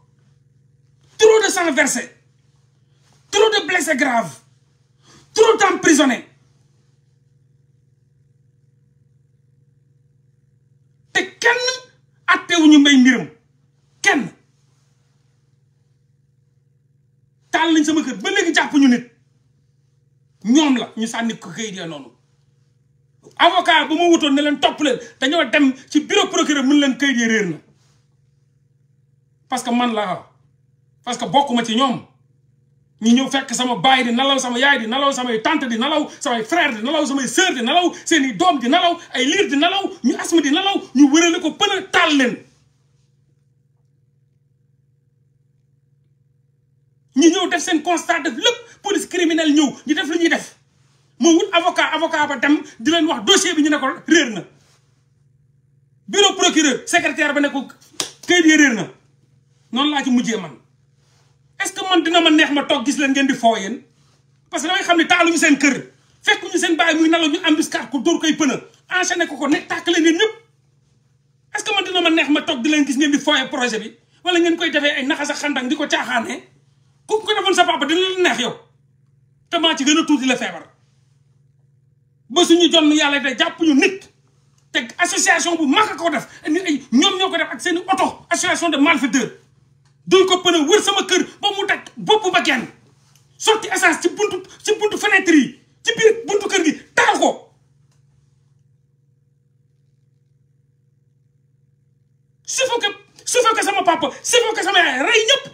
Trop de sang versé. Trop de blessés graves. Trop d'emprisonnés. te kenn attewuñu mbay mbiram kenn taal est sama kër ba léegi jàppuñu nit la ñu sànni ko këyit yooyu noonu avocat bu ma wutoon ne leen topp leen dañoo dem ci bureau procureur mën leen këyit yi réer na parce que man la parce que bokkuma ci ñoom ñu ñëw fekk sama baay di nalaw sama yaay di nalaw samay tante di nalaw samay frère di nalaw samay sœur di nalaw seeni doom di nalaw ay liir di nalaw ñu asma di nalaw ñu wërale ko pën a taal leen ñu ñëw def seen constat def lépp police criminelle ñëw ñu def lu ñuy def moo wut avocat avocat ba dem di leen wax dossier bi ñu ne ko réer na bureau procureur secrétaire ba ne ko kayit yi réer na noonu laa ci mujjee man est-ce que man dina ma neex ma toog gis leen ngeen di foo yéen parce que damay xam ne taaluñu seen kër fekkuñu seen bàyyi muy nalaw ñu embuscade ko dóor koy pëna enchaîné ko ko ne tàkk leen yéen ñëpp que man dina ma neex ma toog leen gis ngeen di projet bi wala ngeen koy defee ay naxas ak xandang di ko caaxaanee ku ko defoon sa papa dina la neex yow te maa ci gën a tuuti la feebar ba suñu jonn yàlla de jàpp ñu nit te association bu mag ko def ay ñoom ñoo ko def ak seen i oto association de malfaiteurs duñ ko pën wër sama kër ba mu teg bopp ba kenn sotti essence ci buntu ci buntu fenêtre yi ci biir buntu kër gi taal ko suffoqué suffoqué sama papa suffoqué sama yaay rey ñëpp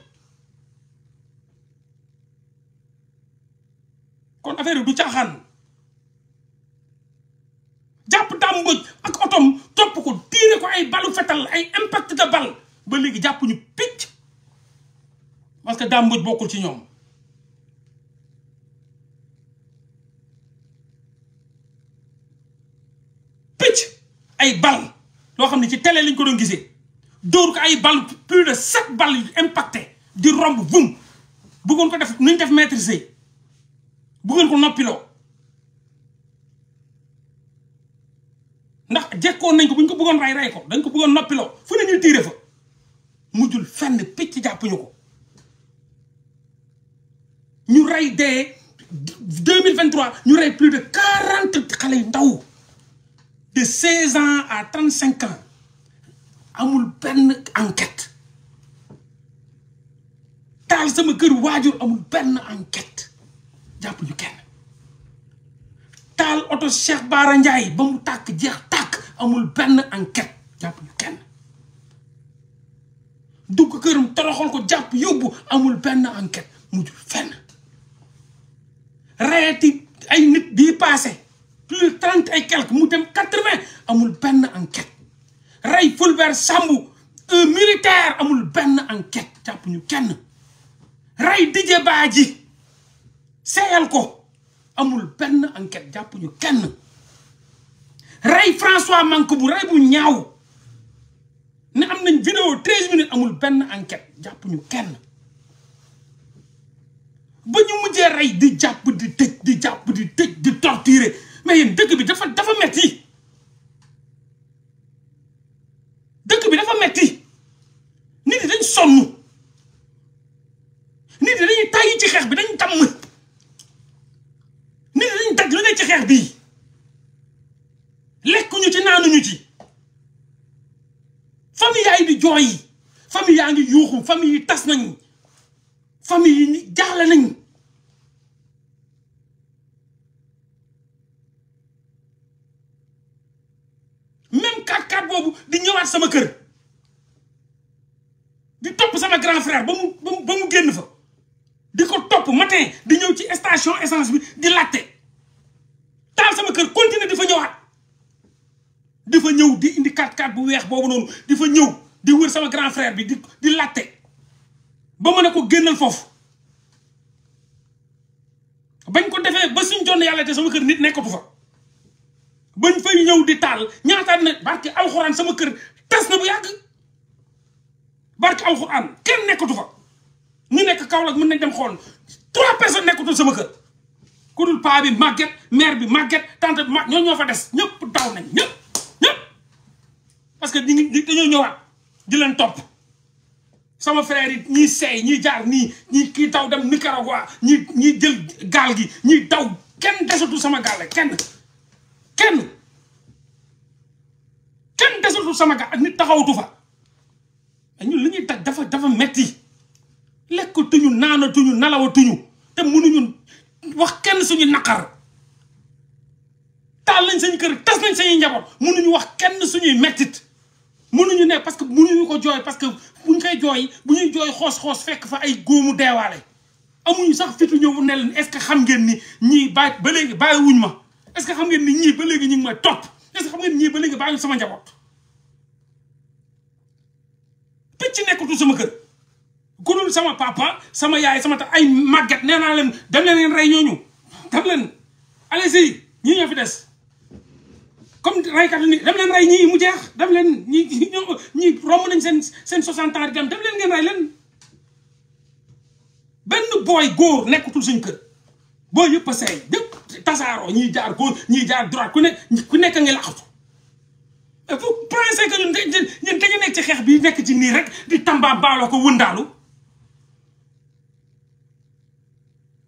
kon affaire yi du caaxaan jàpp Dame Mbodj ak otom topp ko tiire ko ay balu fetal ay impact de balle ba léegi jàppuñu picc parce que dàmb Mbodj bokkul ci ñoom picc ay bal loo xam ne ci tele lañ ko doon gisee dóor ko ay bal plus de sept balles yu impacté di romb vum bëggoon ko def nuñ def maîtriser bëggoon ko noppiloo ndax jekkoon nañ ko bu ñu ko bëggoon rey rey ko dañ ko bëggoon noppiloo fu ne ñu tiire fa mujjul fenn picc jàppuñu ko ñu rey dee deux mille vingt trois ñu rey plus de quarante xale yu ndaw de seize ans à trente cinq ans amul benn enquête taal sama kër waajur amul benn enquête jàppuñu kenn taal oto Cheikh Baara Ndiaye ba mu takk jeex. amul benn enquête jàpp ñu kenn dugg këram toroxal ko jàpp yóbbu amul benn enquête mujj fenn rayati ay nit bii passé plus trente et quelque mu tem quatre vingt amul benn enquête rey Fulbert Sambou un militaire amul benn enquête jàpp kenn rey Didier Badji seyal ko amul benn enquête jàpp kenn rey François Mancabou rey bu ñaaw ne am nañ vidéo treize minutes amul benn enquête jàpp ñu kenn ba ñu mujjee rey di jàpp di tëj di jàpp di tëj di torturer mais yéen dëkk bi dafa dafa metti dëkk bi dafa metti nit yi dañ sonn jooy famille yaa ngi yuuxu famille yi tas nañ famille yi jaaxle nañ même kaat-kaat boobu di ñëwaat sama kër di topp sama grand frère ba mu ba mu génn fa di ko topp matin di ñëw ci station essence bi di laajte taal sama kër continuer di fa ñëwaat di fa ñëw di indi kaat-kaat bu weex boobu noonu di fa ñëw di wër sama grand frère bi di di laajte ba mën a ko génnal foofu bañ ko defee ba suñ jonn yàlla te sama kër nit nekkatu fa bañ fay ñëw di taal ñaataat na barke alxuraan sama kër tas na bu yàgg barke alxuraan kenn nekkatu fa ñu nekk kaw Kaolack mën nañ dem xool trois personnes nekkatul sama kër ku dul paa bi màgget mère bi magget tante bi ñoo ñoo fa des ñëpp daw nañ ñëpp ñëpp parce que ñu ngi dañoo ñëwaat. di leen topp sama frère yi ñii seey ñii jaar nii ñii kii taw dem Nicaragua ñii ñii jël gaal gi ñii taw kenn desatu sama gaal kenn kenn kenn desatu sama gaal ak nit taxawatu fa ñun li ñuy daj dafa dafa metti lekkatuñu naanatuñu nalawatuñu te mënuñu wax kenn suñuy naqar taal lañ sañ kër tas nañ sañuy njaboot mënuñu wax kenn suñuy mettit mënuñu ne parce que mënuñu ko jooy parce que buñ koy jooy bu ñuy jooy xoos-xoos fekk fa ay góomu deewaale amuñu sax fitu ñëw ne leen est-ce que xam ngeen ni ñii ba ba léegi bàyyi wuñ ma est-ce que xam ngeen ni ñii ba léegi ñu ngi may topp est-ce que xam ngeen ñii ba léegi bàyyi sama njaboot picc nekkatu sama kër gudul sama papa sama yaay sama ta ay màgget nee naa leen dem leen rey ñooñu dem leen allez-y ñii ñoo fi des comme raykat ni dem leen ray ñii mu jeex dem leen ñi ñi romb nañ seen seen 60 ans dem leen ngeen ray leen benn booy góor nekkatul suñ kër boo yëpp a seey yëpp tasaaroo ñiy jaar góor ñiy jaar droite ku nekk ku nekk nga laxatu et vous pensez que ñun dañu nekk ci xeex bi nekk ci nii rek di tamba baaloo ko wëndaalu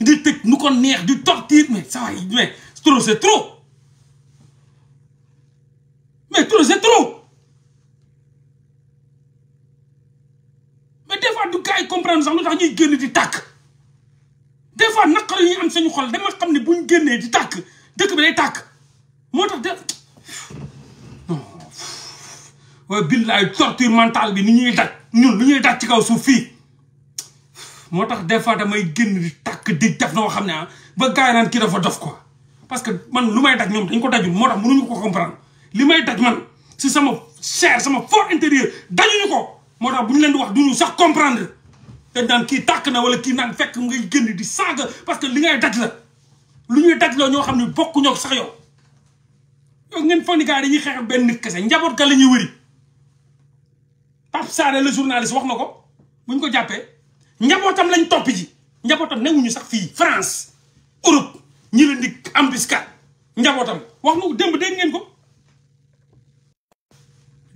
di tëj nu ko neex di tortir mais ça mais trop c'est trop mais trop c'est trop mais des fois du gars comprendre sax lu tax ñuy génn di tàkk des fois naqar yi ñu am suñu xol dama xam ne bu ñu génnee di tàkk dëkk bi day tàkk moo tax de non waaye billaay torture mentale bi nu ñuy daj ñu lu ñuy daj ci kaw suuf fii moo tax des fois damay génn di takk di na noo xam ne ah ba gars yi naan kii dafa dof quoi parce que man lu may daj ñoom dañ ko dajul moo tax mënuñu ko comprendre li may daj man si sama chair sama fort intérieur dajuñu ko moo tax bu ñu leen di wax duñu sax comprendre dañ naan kii tàkk na wala kii naan fekk mu ngay génn di saaga parce que li ngay daj la lu ñuy daj la ñoo xam ne bokku ñoo sax yow yow ngeen foog ni gars yi dañuy xeex benn kese njaboot ka la ñuy wëri Pape Sané le journaliste wax na ko buñ ko jàppee njabootam lañ topp ji njabootam newuñu sax fii France Europe ñi leen di embuscade njabootam wax na ko démb dégg ngeen ko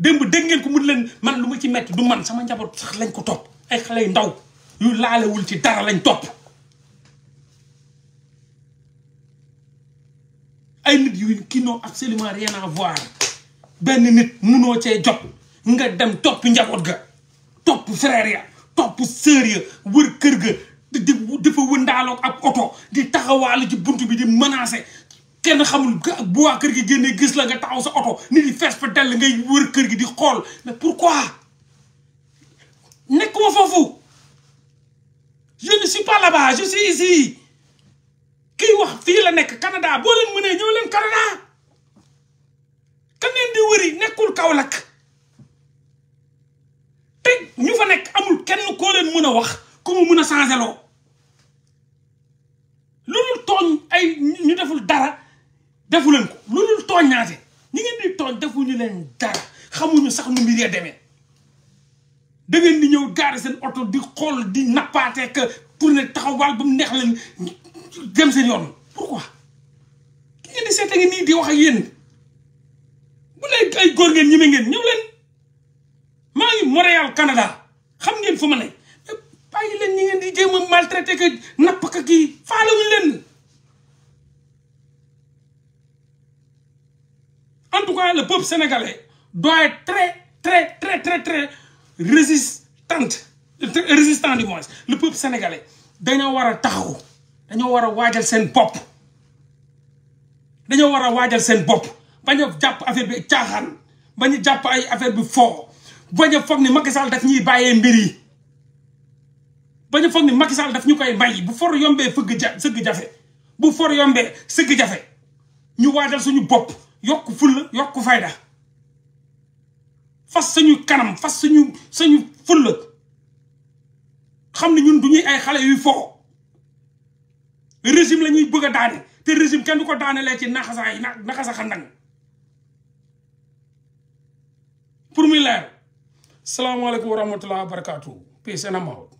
démb dégg ngeen ko mu leen man lu ma ci metti du man sama njaboot sax lañ ko topp ay xale yu ndaw yu laalewul ci dara lañ topp ay nit yu qui n'ont absolument rien à benn nit munoo cee jot nga dem topp njaboot ga topp frère ya topp sérieux wër kër gi di dafa wëndaaloog ak oto di taxawaal ci bunt bi di menacé kenn xamul bu waa kër gi génnee gis la nga taxaw sa oto nit yi fees fa dell ngay wër kër gi di xool mais pourquoi nekkuma foofu je ne suis pas là-bas je suis ici kiy wax fii la nekk Canada boo leen mënee ñëw leen Canada kan ngeen di wëri nekkul Kaolack te ñu fa nekk amul kenn koo leen mën a wax ku mu mën a changé loo lu tooñ ay ñu deful dara defu leen ko lu dul tooñ naate ñi ngeen di tooñ defuñu leen dara xamuñu sax nu mbir ya demee da ngeen di ñëw gaari seen oto di xool di nappaate que pour ne taxawaal ba mu neex leen dem seen yoon pourquoi ki ngeen di seeta ngi nii di wax ak yéen bu lay ay góor ngeen ñi me ngeen ñëw leen maa ngi Montréal Canada xam ngeen fu ma ne bàyyi leen ñi ngeen di jéem a maltraité que napp ka kii faalewuñu leen en tout cas le peuple sénégalais doit être très très très très très résistante résistant du moins le peuple sénégalais dañoo war a taxaw dañoo war a waajal seen bopp dañoo war a waajal seen bopp bañ a jàpp affaire bi caaxaan bañ a affaire bi foo bañ foog ni Macky Sall daf ñuy bàyyee mbir yi bañ a foog ni Macky Sall ñu koy may bu for yombee fëgg ja sëgg jafe bu for yombee sëgg jafe ñu waajal suñu bopp yokk fulla yokk fayda fas suñu kanam fas suñu suñu fulla xam ne ñun du ñuy ay xale yuy foo régime lañuy bëgg a daane te régime kenn du ko daane daanelee ci naxasaay naxasa xandan pour muy leer salaamaaleykum wa rahmatulah wa barakaatu peace and